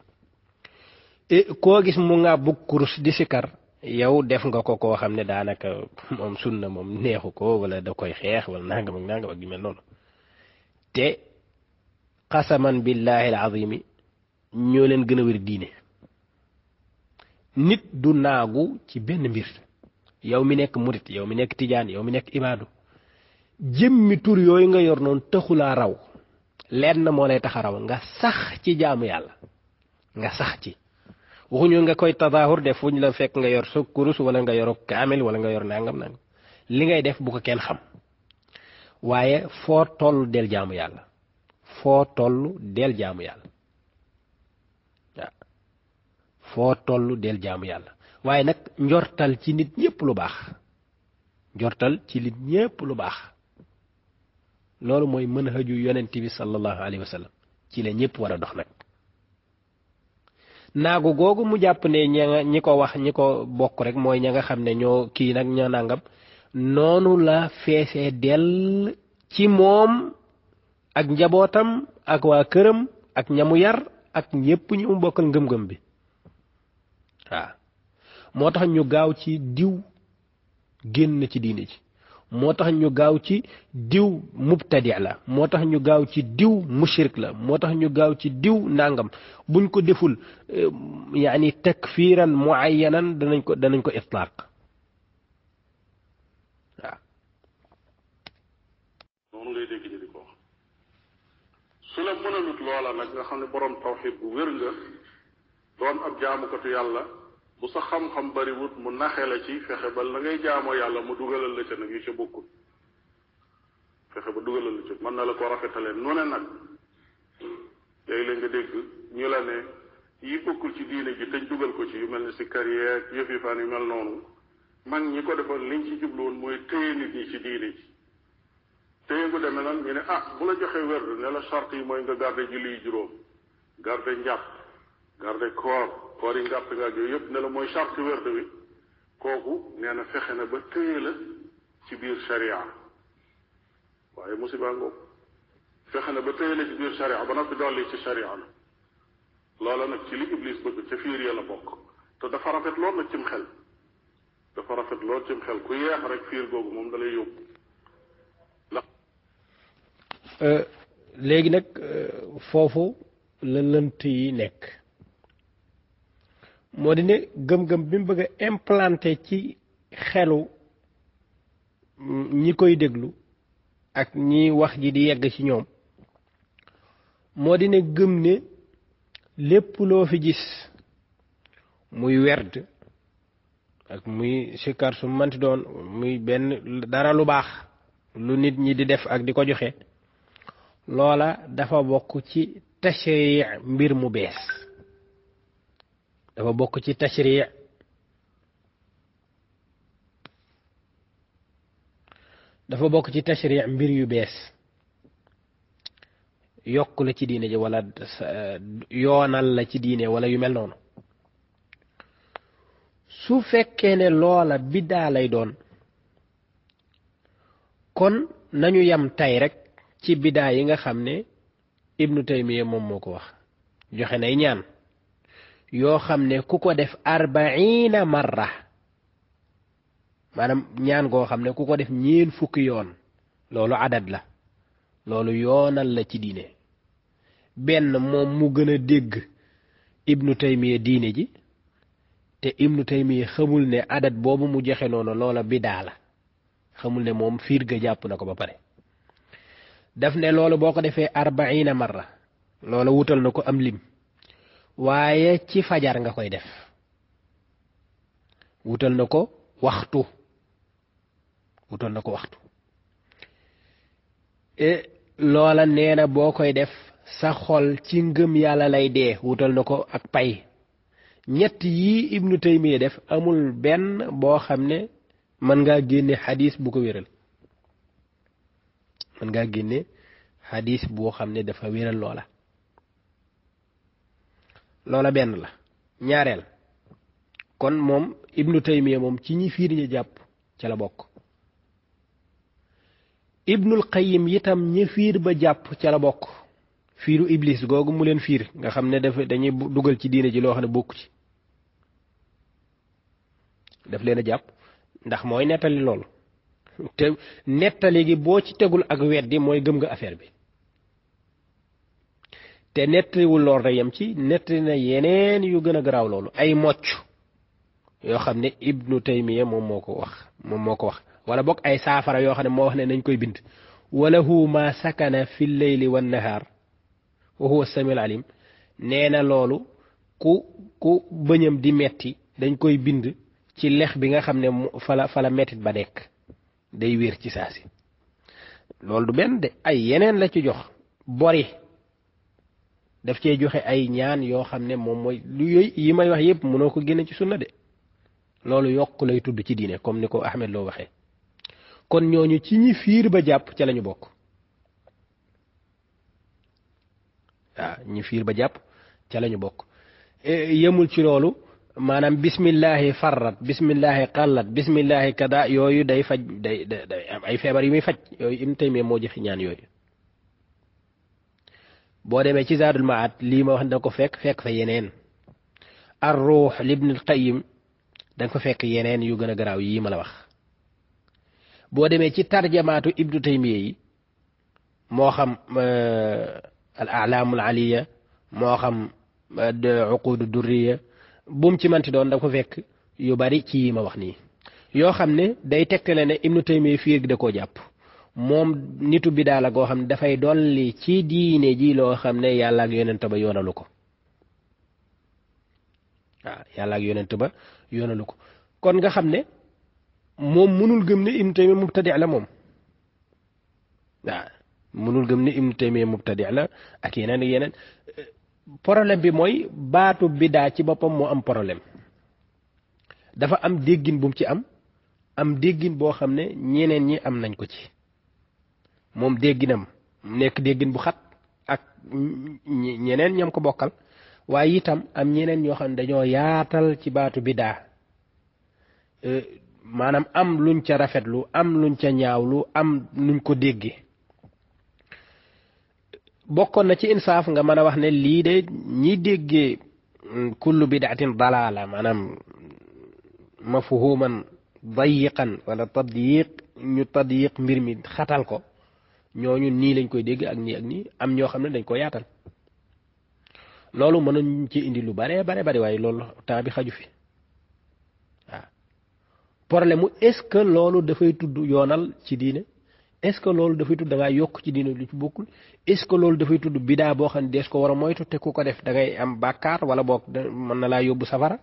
e, koo gis mu nga bu kurus di sikar yow def nga ko koo xam ne daanaka moom sunna moom neexu ko wala da koy xeex wala nangam ak nangam mel noonu te xasaman billahi alazimi ñoo leen gën a wér diine nit du naagu ci benn mbir yow mi nekk murit yow mi nekk tijaan yow mi nekk ibaadu jëmmi tur yooyu nga yor noonu taxulaa raw lenn moo lay tax a raw nga sax ci jaamu yàlla nga sax ci waxuñu nga koy tadaahur def fuñ la fekk nga yor sa kurus wala nga yor kaamil wala nga yor nangam nangam li ngay def bu ko kenn xam waaye foo toll del jaamu yàlla foo toll del jaamu yàlla fo tollu del jaamu yalla waye nak njortal ci nit ñepp lu bax njortal ci nit ñepp lu bax lolu moy mën haju yonent bi sallallahu alaihi wasallam ci le ñepp wara dox nak nagu gogu mu japp ne ña ñi wax ñiko ko rek moy ñinga xamne ño ne nak kii nangam nonu la fesse del ci mom ak njabotam ak wa këram ak ñamu yar ak ñepp ñu mbokal ngëm-ngëm bi moo tax ñu gaaw ci diw génn ci diine ji moo tax ñu gaaw ci diw mubtadi la moo tax ñu gaaw ci diw mushrik la moo tax ñu gaaw ci diw nangam buñ ko deful eh, yaani takfiran muayyanan danañ ko danañ ko itlaaq waaw. noonu ngay su la mënalut loola nag nga xam ne borom tawxiid bu wér doon ab jaamukatu yàlla. bu sa xam-xam bariwut mu naxe la ci fexe ba la ngay jaamoo yàlla mu dugalal la ca nag yu ca bokkul fexe ba dugalal la ci man na la ko rafetale nu ne nag léeg-léeg nga dégg ñu la ne yi bokkul ci diine ji teñ dugal ko ci yu mel ne si carrière yëf yi fan yu mel noonu mag ñi ko defoon liñ ci jubluwoon mooy téye nit ñi ci diine ji téye gu demee nag ñu ne ah bu la joxee wérdu ne la charte yi mooy nga garde julli juróom garde njàpp garde koor koor yi ngàpp ngaag yooyu yëpp ne la mooy charte wérde wi kooku nee na fexe na ba téye la ci biir sharia waaye musiba ngoog fexe na ba téye la ci biir sharia ba noppi dolli ci sharia la loola nag ci li iblis bëgg ca fiir ya la bokk te dafa rafet lool nag cim xel dafa rafet lool cim xel ku yeex rek fiir googu moom da lay yóbbu la léegi nag foofu la lënt yi nekk moo di ne gëm-gëm bi mu bëgg a ci xelu ñi koy déglu ak ñi wax ji di yegg ci ñoom moo di ne gëm ne lépp loo fi gis muy werd ak muy sikkar su manti doon muy benn dara lu baax lu nit ñi di def ak di ko joxe loola dafa bokk ci tashriic mbir mu bees dafa bokk ci tashri dafa bokk ci tashri mbir yu bees yokk la ci diine ji wala yoonal la ci diine wala yu mel noonu su fekkee ne loola biddaa lay doon kon nañu yam tay rek ci biddaa yi nga xam ne ibnu taymiya moom moo ko wax joxe nay ñaan yoo xam ne ku ko def arbaina marra maanaam ñaan goo xam ne ku ko def ñeen fukki yoon loolu adat la loolu yoonal la ci diine benn moom mu gën a dégg ibnu taymiya diine ji te ibnu taymiya xamul ne adat boobu mu joxe noonu loola bidaa la xamul ne moom fiir ga jàpp na ko ba pare daf ne loolu boo ko defee arbaina marra loola wutal na ko am lim waaye ci fajar nga koy def wutal na ko waxtu wutal na ko waxtu e, loola nee na boo koy def sa xol ci ngëm yàlla lay dee wutal na ko ak pay ñett yii ibnu taymiya def amul benn boo xam ne mën ngaa génne xadiis bu ko wéral mën ngaa génne xadis boo xam ne dafa wéral loola loola benn la ñaareel kon moom ibnu taymiya moom ci ñi fiir ñi jàpp ca la bokk ibnul qayim itam ñi fiir ba jàpp ca la bokk fiiru iblis googu mu leen fiir nga xam ne dafa dañuy dugal ci diine ji loo xam ne bokk ci daf leen a jàpp ndax mooy nettali loolu te nettali gi boo ci tegul ak weddi mooy gëm nga affaire bi te nettaliwul lool rek yam ci netti na yeneen yu gën a garaaw loolu ay mocc yoo xam ne ibnu taymiya moom moo ko wax moom moo ko wax wala bokk ay saafara yoo xam ne moo wax ne nañ koy bind walahu ma sakana fi leyli wa nahaar wa huwa samiul alim nee na loolu ku ku bëñam di metti dañ koy bind ci lex bi nga xam ne fala fala mettit ba nekk day wér ci saa si loolu du benn de ay yeneen la ci jox bori daf cee joxe ay ñaan yoo xam ne moom mooy lu yooyu yi may wax yëpp mënoo ko génne ci sunna de loolu yokk lay tudd ci diine comme ni ko Ahmed loo waxee kon ñooñu ci ñi fiir ba jàpp ca lañu bokk waaw ñi fiir ba jàpp ca lañu bokk eh, yemul ci loolu maanaam bismillahi farrat bismillahi xallat bismillahi kada yooyu day faj day day am ay feebar yu muy faj yooyu im tayme moo joxe ñaan yooyu boo demee ci zaadul maad lii ma wax da nga ko fekk fekk fa yeneen ar ruux libnul qayyim da nga fekk yeneen yu gën a garaaw yii ma la wax boo demee ci tarjamaatu ibnu taymiya yi moo xam euh, al alaamul aliya moo xam euh, uqudu durriya bumu ci manti doon da nga fa fekk yu bari ci yii ma wax nii yoo xam ne day tegtale ne ibnu taymiya fii rek da koo jàpp moom nitu bidaa la goo xam ne dafay dolli ci diine ji loo xam ne yàlla ak yonent ba yoonalu ko waaw yàlla ak yonent ba yoonalu ko kon nga xam ne moom mënul gëm ne Ibnu Taymiya mubtadi la moom mënul gëm ne Ibnu Taymiya mubtadi la ak yeneen yeneen problème bi mooy baatu bidaa ci boppam mu am problème dafa am déggin bu mu ci am am déggin boo xam ne ñeneen ñi am nañ ko ci moom dégginam nekk déggin bu xat ak ñeneen ñam ko bokkal waaye itam am ñeneen ñoo xam ne dañoo yaatal ci baatu bi daa euh, maanaam am luñ ca rafetlu am luñ ca ñaawlu am nuñ ko déggi bokkoon na ci insaaf nga mën a wax ne lii de ñi déggee mm, kullu bidaatin dalaala maanaam mafhuman dayiqan wala tadyiq ñu tadyiq mbir mi xatal ko ñooñu nii lañ koy dégg ak nii ak nii am ñoo xam ne dañ ko yaatal loolu mën nañ ci indi lu bare bare bari waaye loolu temps bi xaju fi waaw problème mu est-ce que loolu dafay tudd yoonal ci diine est-ce que loolu dafay tudd da yokk ci diine lu ci bokkul est-ce que loolu dafay tudd bidaa boo xam ne dees ko war a moytu te ku ko def da ngay am bàkkaar wala boog mën na laa yóbbu safara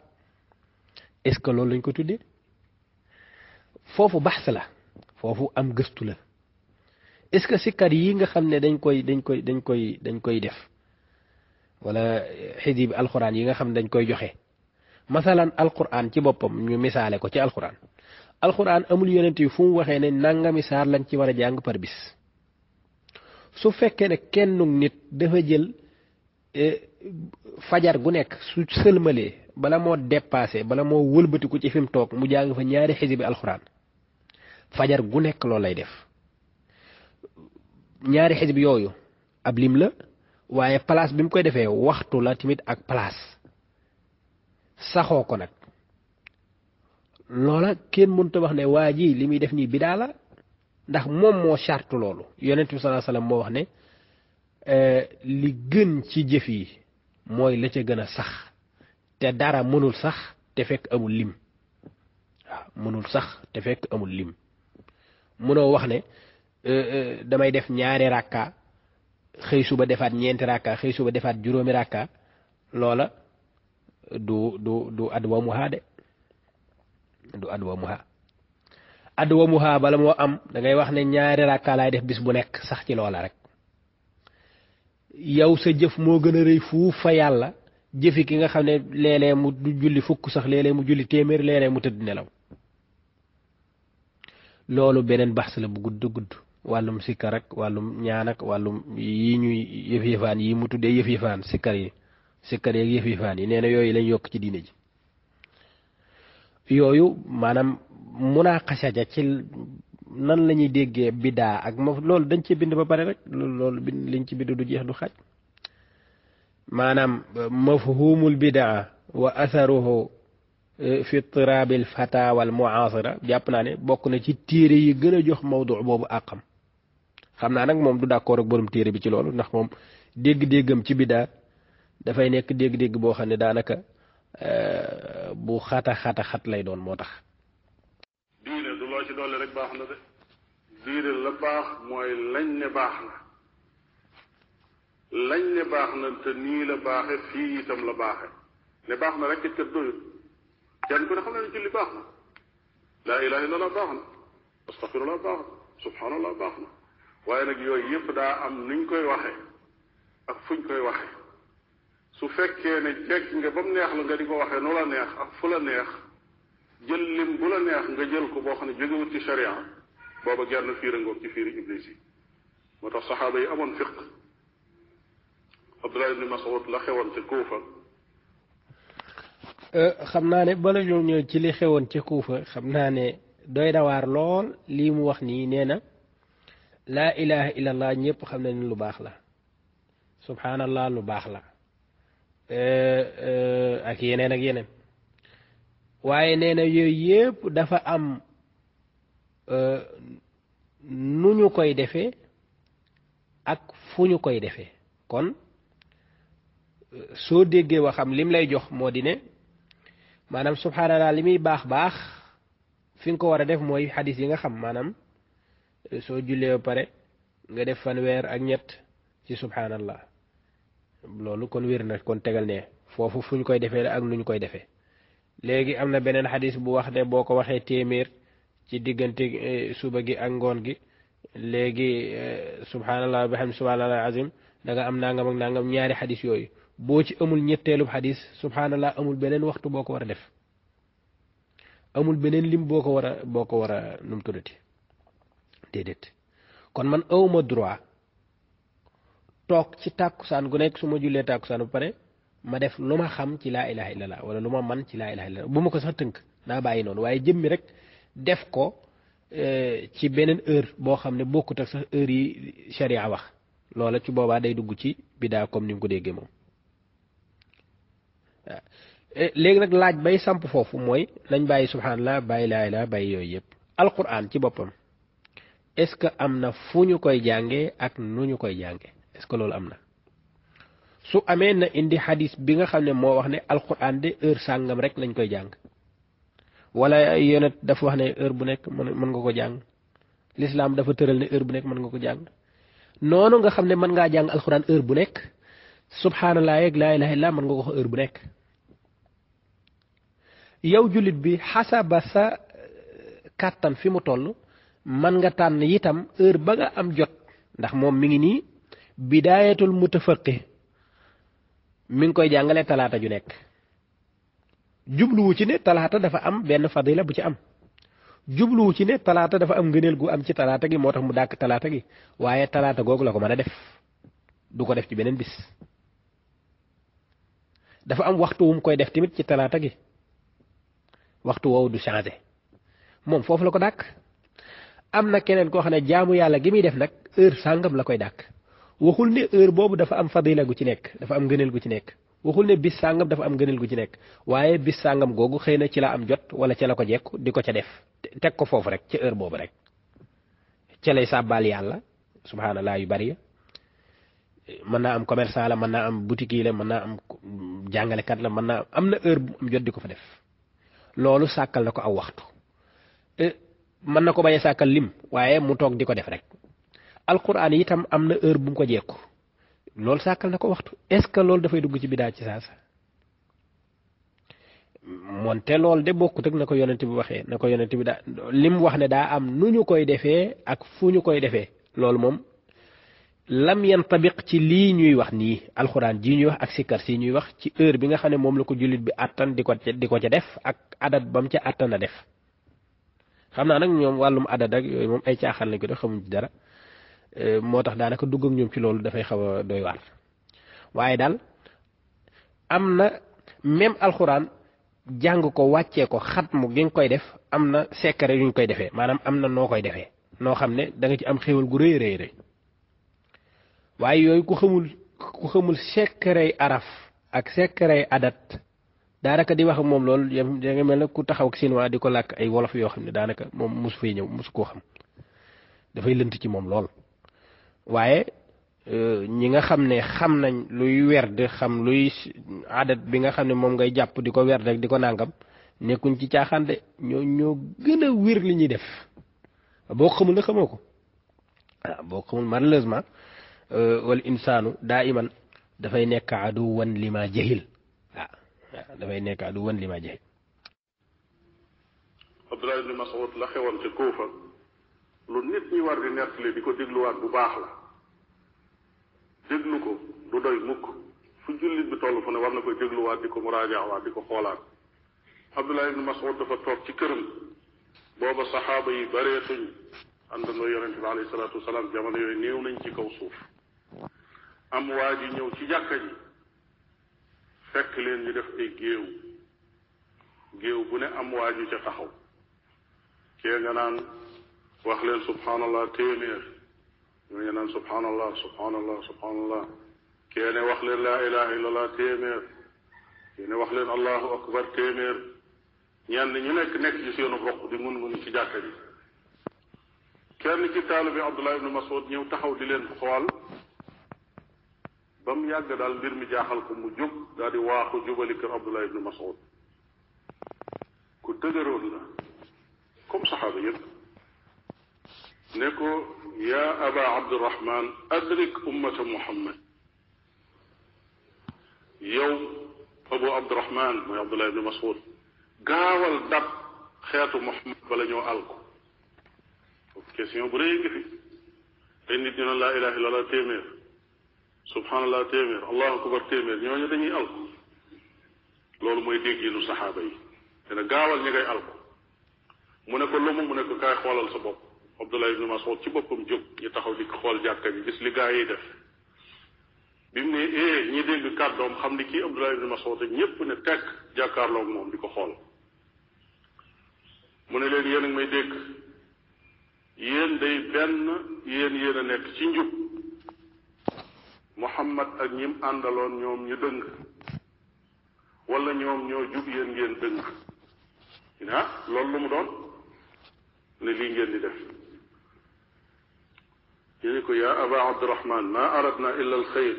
est-ce que loolu lañ ko tuddee foofu baax la foofu am gëstu la. est-ce que sikkar yi nga xam ne dañ koy dañ koy dañ koy dañ koy def wala eh, xisib alxuraan yi nga xam ne dañ koy joxe masalan alxuraan ci boppam ñu misaale ko ci alxuraan alxuraan amul yonent yi fu mu waxee ne nangami saar lañ ci war a jàng pare bis su fekkee ne kenn nit dafa jël eh, fajar gu nekk su sëlmalee bala moo dépassé bala moo wëlbatiku ci fi mu toog mu jàng fa ñaari xisibi alxuraan fajar gu nekk loolu lay def ñaari xisb yooyu ab lim la waaye place bi mu koy defee waxtu la tamit ak place saxoo ko nag loola kenn mënuta wax ne waa ji li muy def nii bi daala ndax moom moo sartu loolu yonent bi salaa moo wax ne eh, li gën ci jëf yi mooy la ca gën a sax te dara mënul sax te amul lim waaw mënul sax te fekk amul lim mënoo wax ne Euh, euh, damay def ñaari rakka xëy suba defaat ñeenti rakka xëy suba defaat juróomi rakka loola du du du adwa muha de du adwa muha adwa muha bala moo am dangay wax ne ñaari rakka laay def bis bu nekk sax ci loola rek yow sa jëf moo gën a rëy fuuf fa yàlla jëfi ki nga xam ne léeg-léeg mu du julli fukk sax léeg mu julli téeméer léeg-léeg mu tëdd nelaw loolu beneen baxs la bu gudd gudd wàllum sikkar wàllum ñaanak wàllum yi ñuy yëf yëfaan yi mu tuddee yëf yëfaan sikkar yi sikkar yeeg yëf yëfaan yi nee na yooyu lañ yokk ci diine ji yooyu maanaam munaaxasa ja ci nan la ñuy déggee bidaa ak moom loolu dañ ci bind ba pare lool loolu liñ ci bind du jeex du xaaj maanaam mafhumul bidaa wa atharuhu eh, fi tiraabil fatawa al muasira jàpp naa ne bokk na ci téere yi gën a jox mawdu boobu àqam xamna nak mom du d'accord ak borom téré bi ci loolu ndax mom dégg-déggam ci bida da fay nek dégg-dégg boo xam ne euh bu xata xata xat lay doon motax diine du lo ci dolé rek bax na de diine la bax moy lañ ne bax na lañ ne bax na te ni la baxé fi itam la baxé ne bax na rek ci kat doyul kenn ku ne xam ne ne na laa ilaha illallah bax na astaghfirullah bax na subhanallah bax na waaye nag yooyu yëpp daa am nuñ koy waxe ak fuñ koy waxe su fekkee ne jekk nga ba mu neex la nga di ko waxee nu la neex ak fu la neex jël lim bu la neex nga jël ko boo xam ne jógewut ci sharia booba genn fiir ngoog ci fiiri iblis yi moo tax saxaaba yi amoon fiq Abdullah ibni Mas'ud la xewoon ci Kuufa euh, xam naa ne bala ñoo ñëw ci li xewoon ci Kuufa xam naa ne doy na lool lii mu wax nii nee na laa ilaha illallah ñëpp xam nañ lu baax la subhanallah lu baax la eh, ak yeneen ak yeneen waaye nee na yooyu yëpp dafa am eh, nu ñu koy defee ak fu ñu koy defee kon soo déggee waxam lim lay jox moo di ne maanaam subhanallah li muy baax baax fi nga ko war a def mooy xadis yi nga xam maanaam soo jullee ba pare nga def fanweer ak ñett ci subhanallah loolu kon wér na kon tegal ne foofu fuñ koy defee la ak nuñ koy defee léegi am na beneen xadis bu wax ne boo ko waxee téeméer ci diggante eh, suba gi ak ngoon gi léegi eh, subhanallah bi xam subhanallah azim da nga am nangam ak nangam ñaari xadis yooyu boo ci amul ñetteelub xadis subhanallah amul beneen waxtu boo ko war a def amul beneen lim boo ko war a boo ko war a num tuddati déedéet kon man awuma droit toog ci tàkkusaan gu nekk su ma jullee tàkkusaan bu pare ma def lu ma xam ci laa la illallah wala lu ma man ci laa ilaha la bu ma ko sax tënk naa bàyyi noonu waaye jëmmi rek def ko eh, ci beneen heure boo xam ne bokkut ak sax heure yi sharia wax loola ci boobaa day dugg ci biddaa comme ni mu ko déggee moom eh, léegi nag laaj bay samp foofu mooy nañ bàyyi subhanallah bàyyi laa ilaha bàyyi yooyu yëpp alquran ci boppam est-ce que am na fu ñu koy jànge ak nu ñu koy jànge est-ce que loolu am na su amee na indi xadis bi nga xam ne moo wax ne alquran de heure sàngam rek lañ koy jàng wala yonent dafa wax ne heure bu nekk mën nga ko jàng lislaam dafa tëral ne heure bu nekk mën nga ko jàng noonu nga xam ne mën ngaa jàng alquran heure bu nekk subhanallah yeeg laa ilaha illa mën nga ko wax heure bu nekk yow jullit bi xasaba sa kàttan fi mu toll man nga tànn itam heure ba nga am jot ndax moom mi ngi nii bidayatul mutafaqi mi ngi koy jàngale talaata ju nekk wu ci ne talaata dafa am benn fadila bu ci am wu ci ne talaata dafa am ngëneel gu am ci talaata gi moo tax mu dàkk talaata gi waaye talaata googu la ko mën a def du ko def ci beneen bis dafa am waxtu wu mu koy def tamit ci talaata gi waxtu woowu du changé moom foofu la ko am na keneen koo xam ne jaamu yàlla gi muy def nag heure sàngam la koy dàq waxul ne heure boobu dafa am fadila gu ci nekk dafa am ngëneel gu ci nekk waxul ne bis sàngam dafa am ngëneel gu ci nekk waaye bis sàngam googu xëy na ci la am jot wala ca la ko jekku di ko ca def teg ko foofu rek ca heure boobu rek ca lay sàbbaal yàlla subhanallah yu bari mën naa am commerçant la mën naa am boutique yi la mën naa am jàngalekat la mën naa am na heure bu am jot di ko fa def loolu sàkkal na ko aw waxtu man nako ko sakal lim waaye mu tok diko def rek alquran yi itam amna heure bu ko jekku lol sakal nako waxtu est ce que da fay dugg ci bidaa ci monté lol de bokut ak nako yonenti bi waxé nako yonenti bi da lim wax né da am nuñu koy défé ak fuñu koy mom. lol mom lam yantabiq ci li ñuy wax ni alquran ji ñuy wax ak sikkar si ñuy wax ci heure bi nga xamné mom la ko julit bi àttan diko def ak adat bam ci àttan def xam naa nag ñoom wàllum adat ak yooyu moom ay caaxaan lañ ko def xamuñ dara euh, moo tax daanaka dugg ak ñoom ci loolu dafay xaw a waar waaye daal am na même alxuraan jàng ko wàccee ko xatmu mu nga koy def am na secret yu ñu koy defee maanaam am na noo koy defee noo xam ne da nga ci am xéwal gu rëy rëy rëy waaye yooyu ku xamul ku xamul secret araf ak secret adat daanaka di wax moom loolu da nga mel ne ku taxaw ak chinois di ko làkk ay wolof yoo xam ne daanaka moom mosu fay ñëw mosu koo xam dafay lënt ci moom lool waaye euh, ñi nga xam ne xam nañ luy werd xam luy adat bi nga xam ne moom ngay jàpp di ko werd rek di ko nàngam nekkuñ ci caaxaan de ñoo ñoo gën a wér li ñuy def boo xamul la xamoo ko waaw ah, boo xamul malheureusement euh, wal insaanu daa iman dafay nekk aduwan li ma dafay nekk aduwan li ma jeex Abdullah ibn Mas'ud la xewoon ca Kuufa lu nit ñi war di nettali di ko dégluwaat bu baax la déglu ko du doy mukk fu jullit bi toll fu ne war na koy dégluwaat di ko muraajaawaat di ko xoolaat Abdullah ibn Mas'ud dafa toog ci këram booba saxaaba yi bareetuñ àndandoo yonente bi alayhi salaatu wasalaam jamono yooyu néew nañ ci kaw suuf am waa ji ñëw ci jàkka ji fekk leen ñu def ay géew géew bu ne am waaju ca taxaw kee nga naan wax leen subhanallah téeméer ñu nga naan subhanallah subhanallah subhanallah kee ne wax leen laa ilaha illallah téeméer kee ne wax leen allahu akbar téeméer ñenn ñu nekk nekk ci seenu bokk di mun mun ci jàkka ji kenn ci taalibi abdullah ibnu masoud ñëw taxaw di leen xool bam mu yàgg daal mbir mi jaaxal ko mu jóg daal di waaxu jubali kër Abdullah ibnu Mas'ud ku dëgëroon la comme saxaaba yëpp ne ko ya aba abdirahman adrik ummata muhammad yow abu abdirahman mooy Abdullah ibnu Mas'ud gaawal dab xeetu muhammad bala ñoo al ko question bu rëy ngi fi ay nit ñu ne laa ilaha illallah téeméer subhanallah téeméer allahu akbar téeméer ñooñu dañuy alku loolu mooy dégginu saxaaba yi dina gaawal ñi al alku mu ne ko lumu mu ne ko kaay xoolal sa bopp Abdullah ibn Mas'ud ci boppam jóg ñu taxaw di xool jàkka ji yi def bi mu ne eh, dégg kàddoom xam ni kii Abdullah ibn Mas'ud ñépp ne tekk jàkkaarloog moom di ko xool mu ne leen yéen a ngi may dégg yéen day benn yéen yéen a nekk ci njub muhammad ak ñim andalon ñom ñu dëng wala ñom ñoo jub yéen ngeen dëng ne loolu mu doon ne li ngeen di def yene ko ya aba abdurahman ma aradna illa al xayr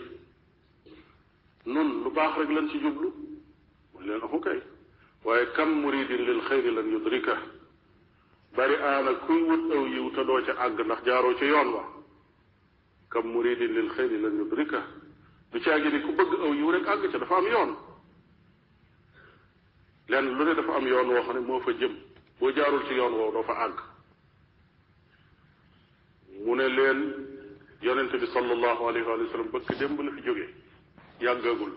nun lu baax rek lan ci jublu mu leen axu kay waye kam muridin lil khair lan yudrika bari aana kuy wut aw yiw ta do ci ag ndax jaaro ci yoon wa كم مريد للخير لن يدركه بتاجي لك بق أو يورك أجي ترى فام يون لأن لون ترى فام يون وخن مو في جم وجارو تيون ورا فا أج من لين يان صلى الله عليه وسلم بق دم بن في جوجي يا جعول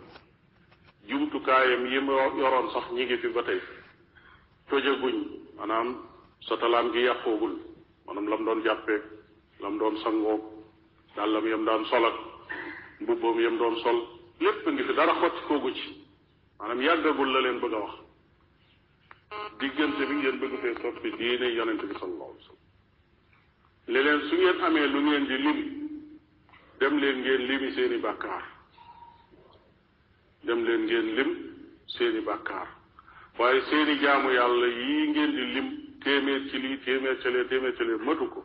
يوم تكايم يم يران صح نيجي في بتي توجعون أنام ستلام جي يا فوغل أنام لام دون جابك لام دون سانغوك dàllam yam daan sol ak mbubboom yam doon sol lépp ngi fi dara xotti kooku ci maanaam yàggagul la leen bëgg a wax diggante bi ngeen bëgg fee soppi diine yonent bi sallallahu alayhi wa sallam li leen su ngeen amee lu ngeen di lim dem leen ngeen limi seeni bàkkaar dem leen ngeen lim seeni bàkkaar waaye seeni jaamu yàlla yi ngeen di lim téeméer ci lii téeméer ci lee téeméer ci lee matu ko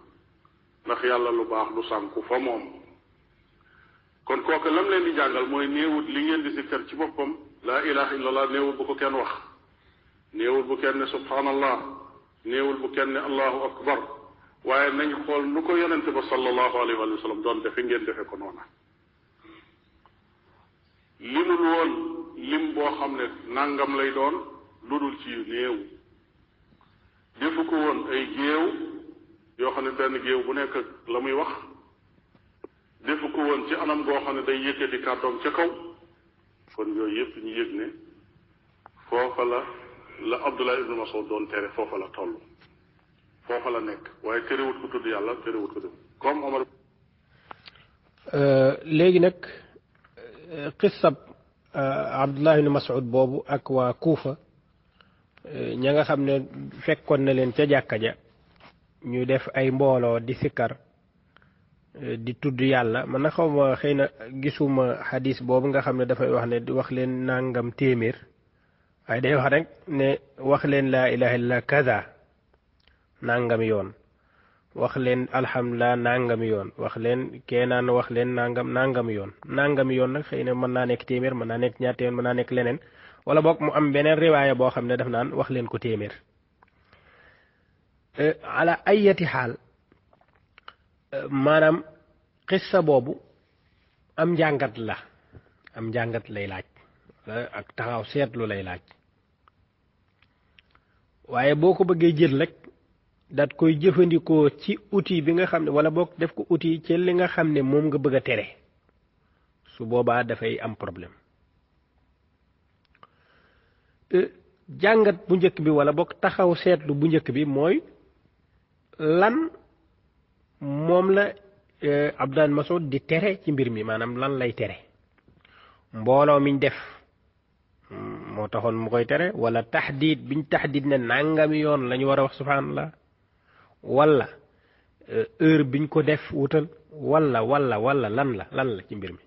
ndax yàlla lu baax lu sànku fa moom kon kooku lam leen di jàngal mooy néewut li ngeen di sikkar ci boppam laa ilaha illallah néewul bu ko kenn wax néewul bu kenn ne subhanallah néewul bu kenn ne allahu akbar waaye nañ xool nu ko yonente ba sallallahu alayhi wa sallam doon defe ngeen defe ko noona limul woon lim boo xam ne nangam lay doon lu dul ci néew defu ko woon ay géew yoo xam ne benn géew bu nekk la muy wax defu ko woon ci anam goo xam ne day yëkkati kàddoom ca kaw kon yooyu yëpp ñu yëg ne foofa la la Abdullah ibnu Mas'ud doon tere foofa la toll foofa la nekk waaye terewut ko tudd yàlla terewut ko def comme Omar. Euh, léegi nag xisab euh, Abdullah ibnu Mas'ud boobu ak waa Kuufa euh, ña nga xam ne fekkoon na leen ca jàkka ja ñu def ay mbolo di sikkar di tuddu yàlla man na xawma xeyna gisuma hadith bobu nga xamne da fay wax ne wax len nangam temir ay day wax rek ne wax len la ilaha illa kaza nangam yoon wax len alhamdulilah nangam yoon wax len kenan wax len nangam nangam yoon nangam yoon xeyna man na nek temir man na nek ñaar temir man na nek lenen wala bok mu am benen riwaya bo xamne daf nan wax len ko temir Eh, ala ayati xaal eh, maanaam xissa boobu am njàngat la am njàngat lay laaj eh, ak taxaw seetlu lay laaj waaye boo ko bëggee jël rek daat koy jëfandikoo ci outil bi nga xam ne wala boog def ko outil ci li nga xam ne moom nga bëgg a tere su boobaa dafay am problème jàngat bu njëkk bi wala boog taxaw seetlu bu njëkk bi mooy lan moom la eh, Abdullah Mas'ud di tere ci mbir mi maanaam lan lay tere mbooloo miñ def mm, moo taxoon mu koy tere wala taxdiit biñ taxdiit ne nangami yoon lañu war a wax subhanallah walla eh, heure biñ ko def wutal walla wala wala lan la lan la ci mbir mi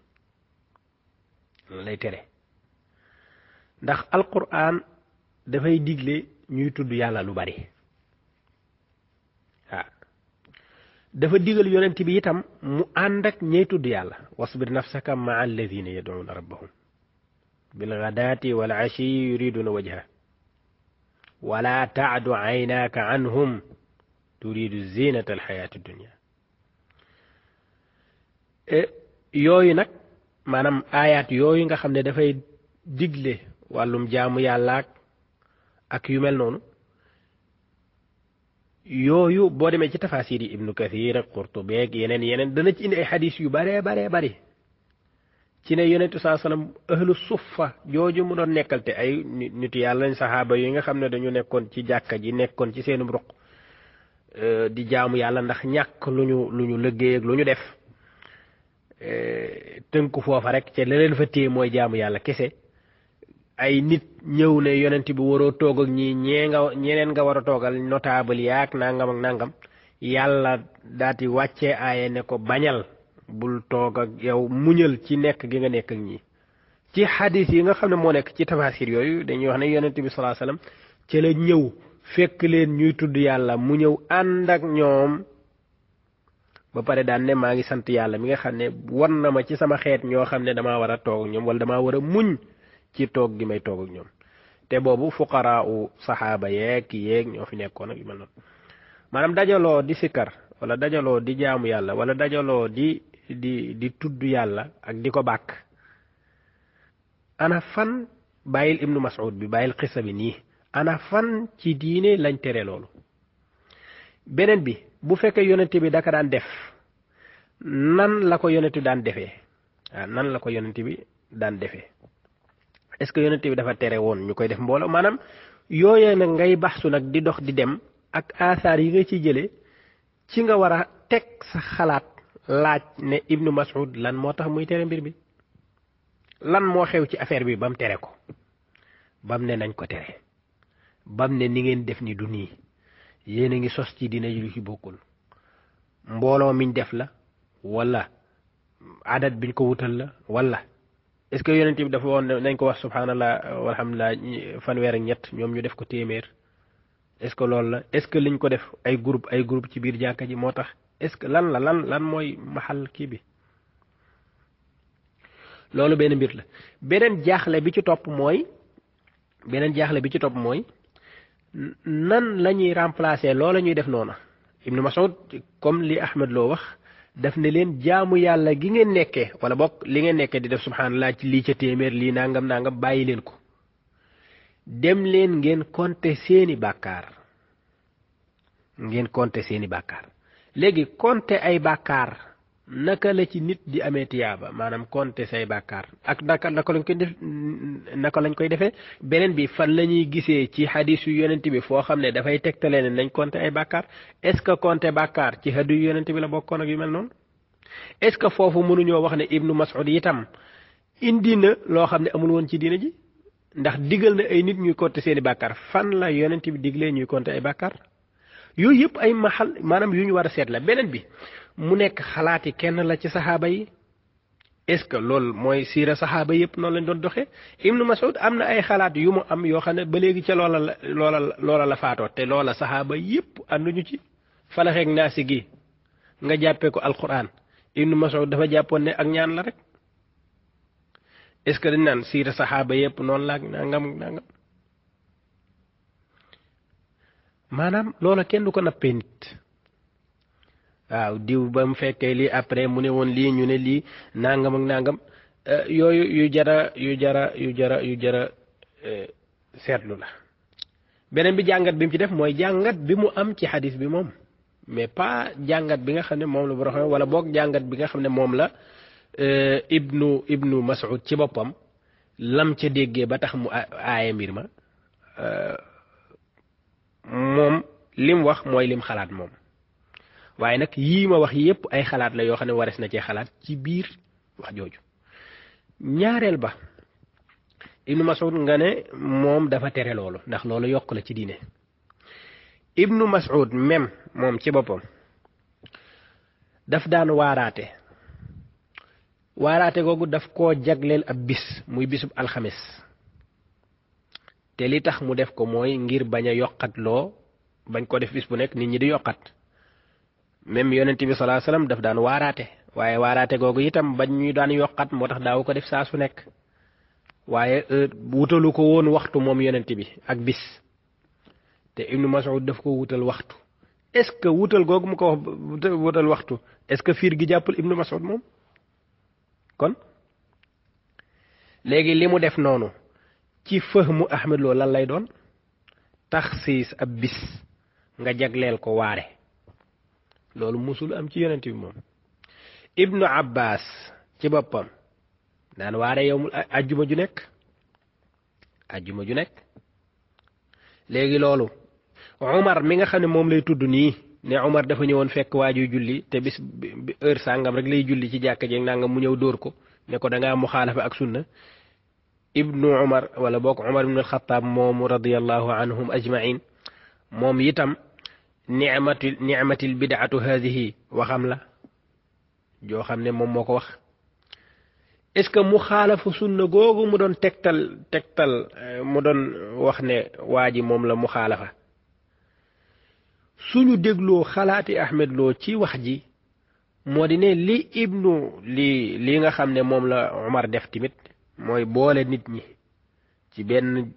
lan lay tere ndax alquran dafay digle ñuy tudd yàlla lu bari dafa digal yonent bi itam mu ànd ak ñay tudd yàlla wasbir nafsaka maa alladina yaduuna rabbahum bil ghadati wal ashi yuriduna wajha wala taadu aynaaka anhum turidu zinata alxayaati dunia yooyu nag maanaam aayaat yooyu nga xam ne dafay digle wàllum jaamu yàlla ak yu mel noonu yooyu boo demee ci tafaasir yi ibnu kathir ak qurtubi ak yeneen yeneen dana ci indi ay xadis yu baree baree bari ci ne yonentu saa salaam ahlu suffa jooju mu doon nekkalte ay nitu yàlla lañ saxaaba yi nga xam ne dañu nekkoon ci jàkka ji nekkoon ci seenum roq e, di jaamu yàlla ndax ñàkk lu ñu lu ñu liggéey lu ñu def e, tënku foofa rek te la leen fa téye mooy jaamu yàlla kese ay nit ñew ne yonent bi waroo toog ak ñi ñeenga ñeneen nga wara togal notable yaak nangam ak nangam yalla dati wacce aaye ne ko bañal bul toog ak yow muñal ci nek gi nga nek ak ñi ci hadith yi nga xamne mo nek ci tafasir yooyu dañuy wax ne yonent bi alayhi wasallam ci la ñew fekk leen ñuy tuddu yalla mu ñew and ak ñoom ba pare daan ne maa sant yàlla mi nga xam ne war na ma ci sama xeet ñoo xam ne war a wala dama war muñ ci toog gi may toog ak ñoom te boobu fuqaraa saxaaba yeeg ki yeeg ñoo fi nekkoon ak yu mel noonu maanaam dajaloo di sikkar wala dajaloo di jaamu yàlla wala dajaloo di di di tudd yàlla ak di ko bàkk ana fan bàyyil ibnu mas'ud bi bàyyil xisa bi nii ana fan ci diine lañ tere loolu beneen bi bu fekkee yonente bi daka daan def nan la ko yonente bi daan defee waaw ah, nan la ko yonente bi daan defee est ce que yonent bi dafa tere won ñu koy def mbolo manam yoyé nak ngay baxsu nak di dox di dem ak asar yi nga ci jëlé ci nga wara tek sa xalaat laaj ne ibnu masud lan motax muy tere mbir bi lan mo xew ci affaire bi bam tere ko bam ne nañ ko tere bam ne ni ngeen def ni du ni yéne ngi sos ci dina yu ci bokul mbolo miñ def la wala adat biñ ko wutal la wala est-ce que yonent bi dafa woon nañ ko wax subhanallah walhamdulilah fanweer ak ñett ñoom ñu def ko téeméer est-ce que loolu la est-ce que liñ ko def ay groupe ay groupe ci biir jàkka ji moo tax est-ce que lan la lan lan mooy maxal kii bi loolu benn mbir la beneen jaaxle bi ci topp mooy beneen jaaxle bi ci topp mooy nan lañuy ñuy remplacer loola ñuy def noona Ibnu Mas'ud comme li Ahmed loo wax daf ne leen jaamu yàlla gi ngeen nekkee wala bokk li ngeen nekkee di def subhanallah ci lii ca téeméer lii nangam nangam bàyyi leen ko dem leen ngeen compter seeni bàkkaar ngeen compter seeni bàkkaar léegi compter ay bàkkaar naka la ci nit di amee tiyaaba maanaam compter say bàkkaar ak naka naka lañ koy def naka lañ koy defee beneen bi fan la ñuy gisee ci xadis yu yonent bi foo xam ne dafay tegtale ne nañ compter ay bàkkaar est ce que compter bàkkaar ci xadis yu yonent bi la bokkoon ak yu mel noonu est ce que foofu mënuñoo wax ne Ibnu Mas'ud itam indi na loo xam ne amul woon ci diina ji ndax digal na ay nit ñuy compter seen i bàkkaar fan la yonent bi diglee ñuy compter ay bàkkaar yooyu yëpp ay maxal maanaam yu ñu war a seet beneen bi mu nekk xalaat yi kenn la ci saxaaba yi est-ce que loolu mooy siira saxaaba yëpp noonu lañ doon doxee Ibnu Mas'ud am na ay xalaat yu mu am yoo xam ne ba léegi ca loola la loola la faatoo te loola saxaaba yëpp ànduñu ci falaxeeg naasi gi nga jàppee ko alquran Ibnu Mas'ud dafa jàppoon ne ak ñaan la rek est-ce que dañ naan siira saxaaba yëpp noonu laak naa nangam maanaam loola kenn du ko nappee nit waaw diw bam mu fekkee lii après mu ne woon lii ñu ne lii nangam ak nangam eh, yooyu yu jara yu jara yu jara yu jara eh, seetlu la beneen bi jàngat bi mu ci def mooy jàngat bi mu am ci Me bi moom mais pas jàngat bi nga xam ne moom la borox wala boog jàngat bi nga xam ne moom la eh, ibnu ibnu masud ci boppam lam ca déggee ba tax mu aaye mbir ma moom lim wax mooy lim xalaat moom waye nak yii ma wax yépp ay xalaat la yo xamne ne na ci xalaat ci biir wax joju ñaarel ba ibnu masud nga ne mom dafa téré lolu ndax lolu yok la ci diiné ibnu masud mem mom ci boppam daf daan waraté waraté gogu daf ko jaglél ab bis muy bisub al-khamis té li tax mu def ko moy ngir baña yokkat lo bañ ko def bis bu nek nit ñi di yokkat même yonent bi salaa salaam daf daan waaraate waaye waaraate googu itam bañ ñuy daan yokkat moo tax daaw ko def saa su nekk waaye euh, wutalu ko woon waxtu moom yonent bi ak bis te nu Mas'ud daf ko wutal waxtu est-ce que wutal googu mu ko waxtu est-ce que fiir gi jàppul Ibnu Mas'ud moom kon léegi li mu def noonu ci fëhmu Ahmed Lo lan lay doon tax taxsiis ab bis nga jagleel ko waare lolou musul am ci yonenti bi ibnu abbas ci bopam nan waare yow aljuma ju nek aljuma ju nek léegi lolou umar mi nga xamne mom lay tuddu ni ne umar dafa ñewon fekk waju julli te bis heure sangam rek lay julli ci jakk jeeg nangam mu ñew dóor ko ne ko da ak sunna ibnu umar wala bok umar al-khattab momu radiyallahu anhum ajmain mom yitam nicmati nicmatil bidaatu haadihi waxam la joo xam ne moom moo ko wax est-ce que mu xaalafu sunna mu doon tegtal euh, mu doon wax ne waa ji moom la mu xaalafa suñu dégloo xalaati Ahmed Lo ci wax ji moo di ne li ibnu li li nga xam ne moom la Omar def tamit mooy boole nit ñi ci benn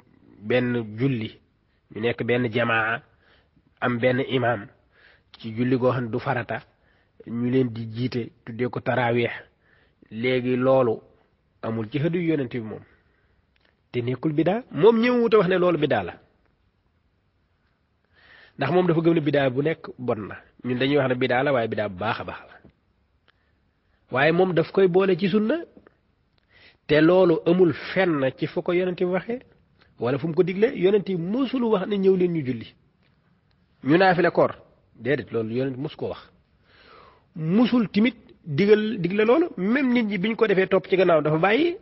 benn julli ñu nekk benn jamaa am benn imaam ci julli goo xam du farata ñu leen di jiite tuddee ko taraaweex léegi loolu amul ci xëdu yonent bi moom te nekkul bidaa moom ñëwut wuta wax ne loolu bidaa la ndax moom dafa gëm ne bidaa bu nekk bon na ñun dañuy wax ne bidaa la waaye bidaa bu baax a baax la waaye moom daf koy boole ci sunna te loolu amul fenn ci fu ko yonent bi waxee fu mu ko diglee yonent bi mosul wax ne ñëw leen ñu julli ñu naafile koor déedéet loolu yonent mus ko wax musul timit digal digle loolu même nit ñi biñ ko defee topp ci gannaaw dafa bàyyi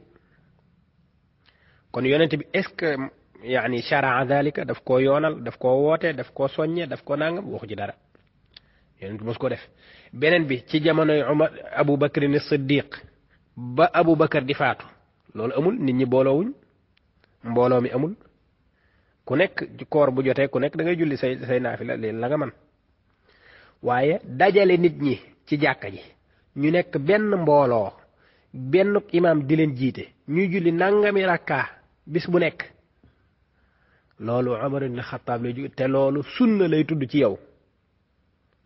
kon yonent bi est ce que yani charaa dalika daf koo yoonal daf koo woote daf koo soññe daf koo nangam waxu ci dara yonent mos ko def beneen bi ci jamonoy umar abou bakr ni siddiq ba abou bakar di faatu loolu amul nit ñi booloowuñ mbooloo mi amul ku nekk koor bu jotee ku nekk dangay ngay julli say say la leen la nga man waaye dajale nit ñi ci jàkka ji ñu nekk benn mbooloo benn imaam di leen jiite ñuy julli nangami rakkaa bis bu nekk loolu Umar ibn Xattaab lay ju te loolu sunna lay tudd ci yow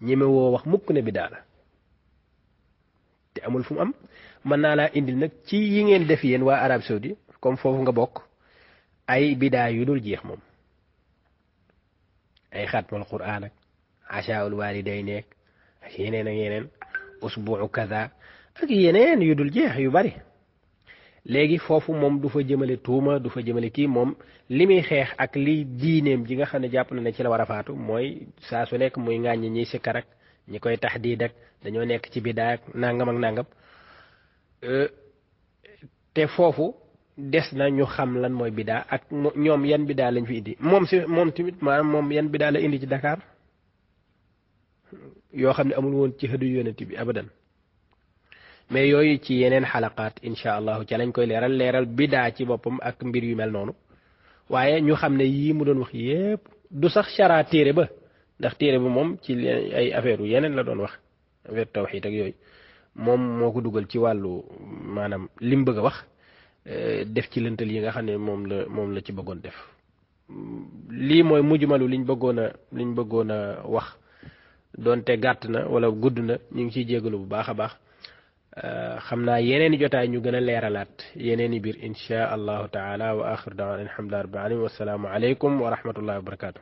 ñeme woo wax mukk ne bidaa la te amul fu mu am mën naa laa indil nag ci yi ngeen def yéen waa Arabie Saoudite comme foofu nga bokk ay biddaa yu dul jeex moom ay xatmal quraan ak achaul waliday neeg nekk yeneen ak yeneen usbuu kaza ak yeneen yu dul jeex yu bari léegi foofu moom du fa jëmale tuuma du fa jëmale kii moom li muy xeex ak li diineem ji nga xam ne jàpp na ne ci la war mooy saa su nekk muy ŋàññi ñi sikkar ak ñi koy tax diid ak dañoo nekk ci bidaa ak nangam ak nangam euh, te foofu des na ñu xam lan mooy bidaa ak ñoom yan bidaa lañu fi indi moom si moom tamit maanaam moom yan bidaa la indi ci dakaar yoo xam ne amul woon ci xëdu yonent bi abadan mais yooyu ci yeneen xalaqaat incha allah ca lañ koy leeral leeral biddaa ci boppam ak mbir yu mel noonu waaye ñu xam ne yii mu doon wax yépp du sax chara téere ba ndax téere ba moom ci ay affaire yeneen la doon wax affaire tawxiid ak yooyu moom moo ko dugal ci wàllu maanaam lim bëgg a wax Euh, def ci lëntal yi nga xam ne moom la moom la ci bëggoon def lii mooy mujjumalu liñ bëggoon a liñ bëggoon a wax doonte gàtt na wala gudd na ñu ngi ciy jégalu bu baax a baax euh, xam naa yeneen i jotaay ñu gën a leeralaat yeneen i biir inchaa allahu taala wa axir daan alhamdulilah rabbil alamin wasalaamu aleykum wa rahmatullahi wa barakatu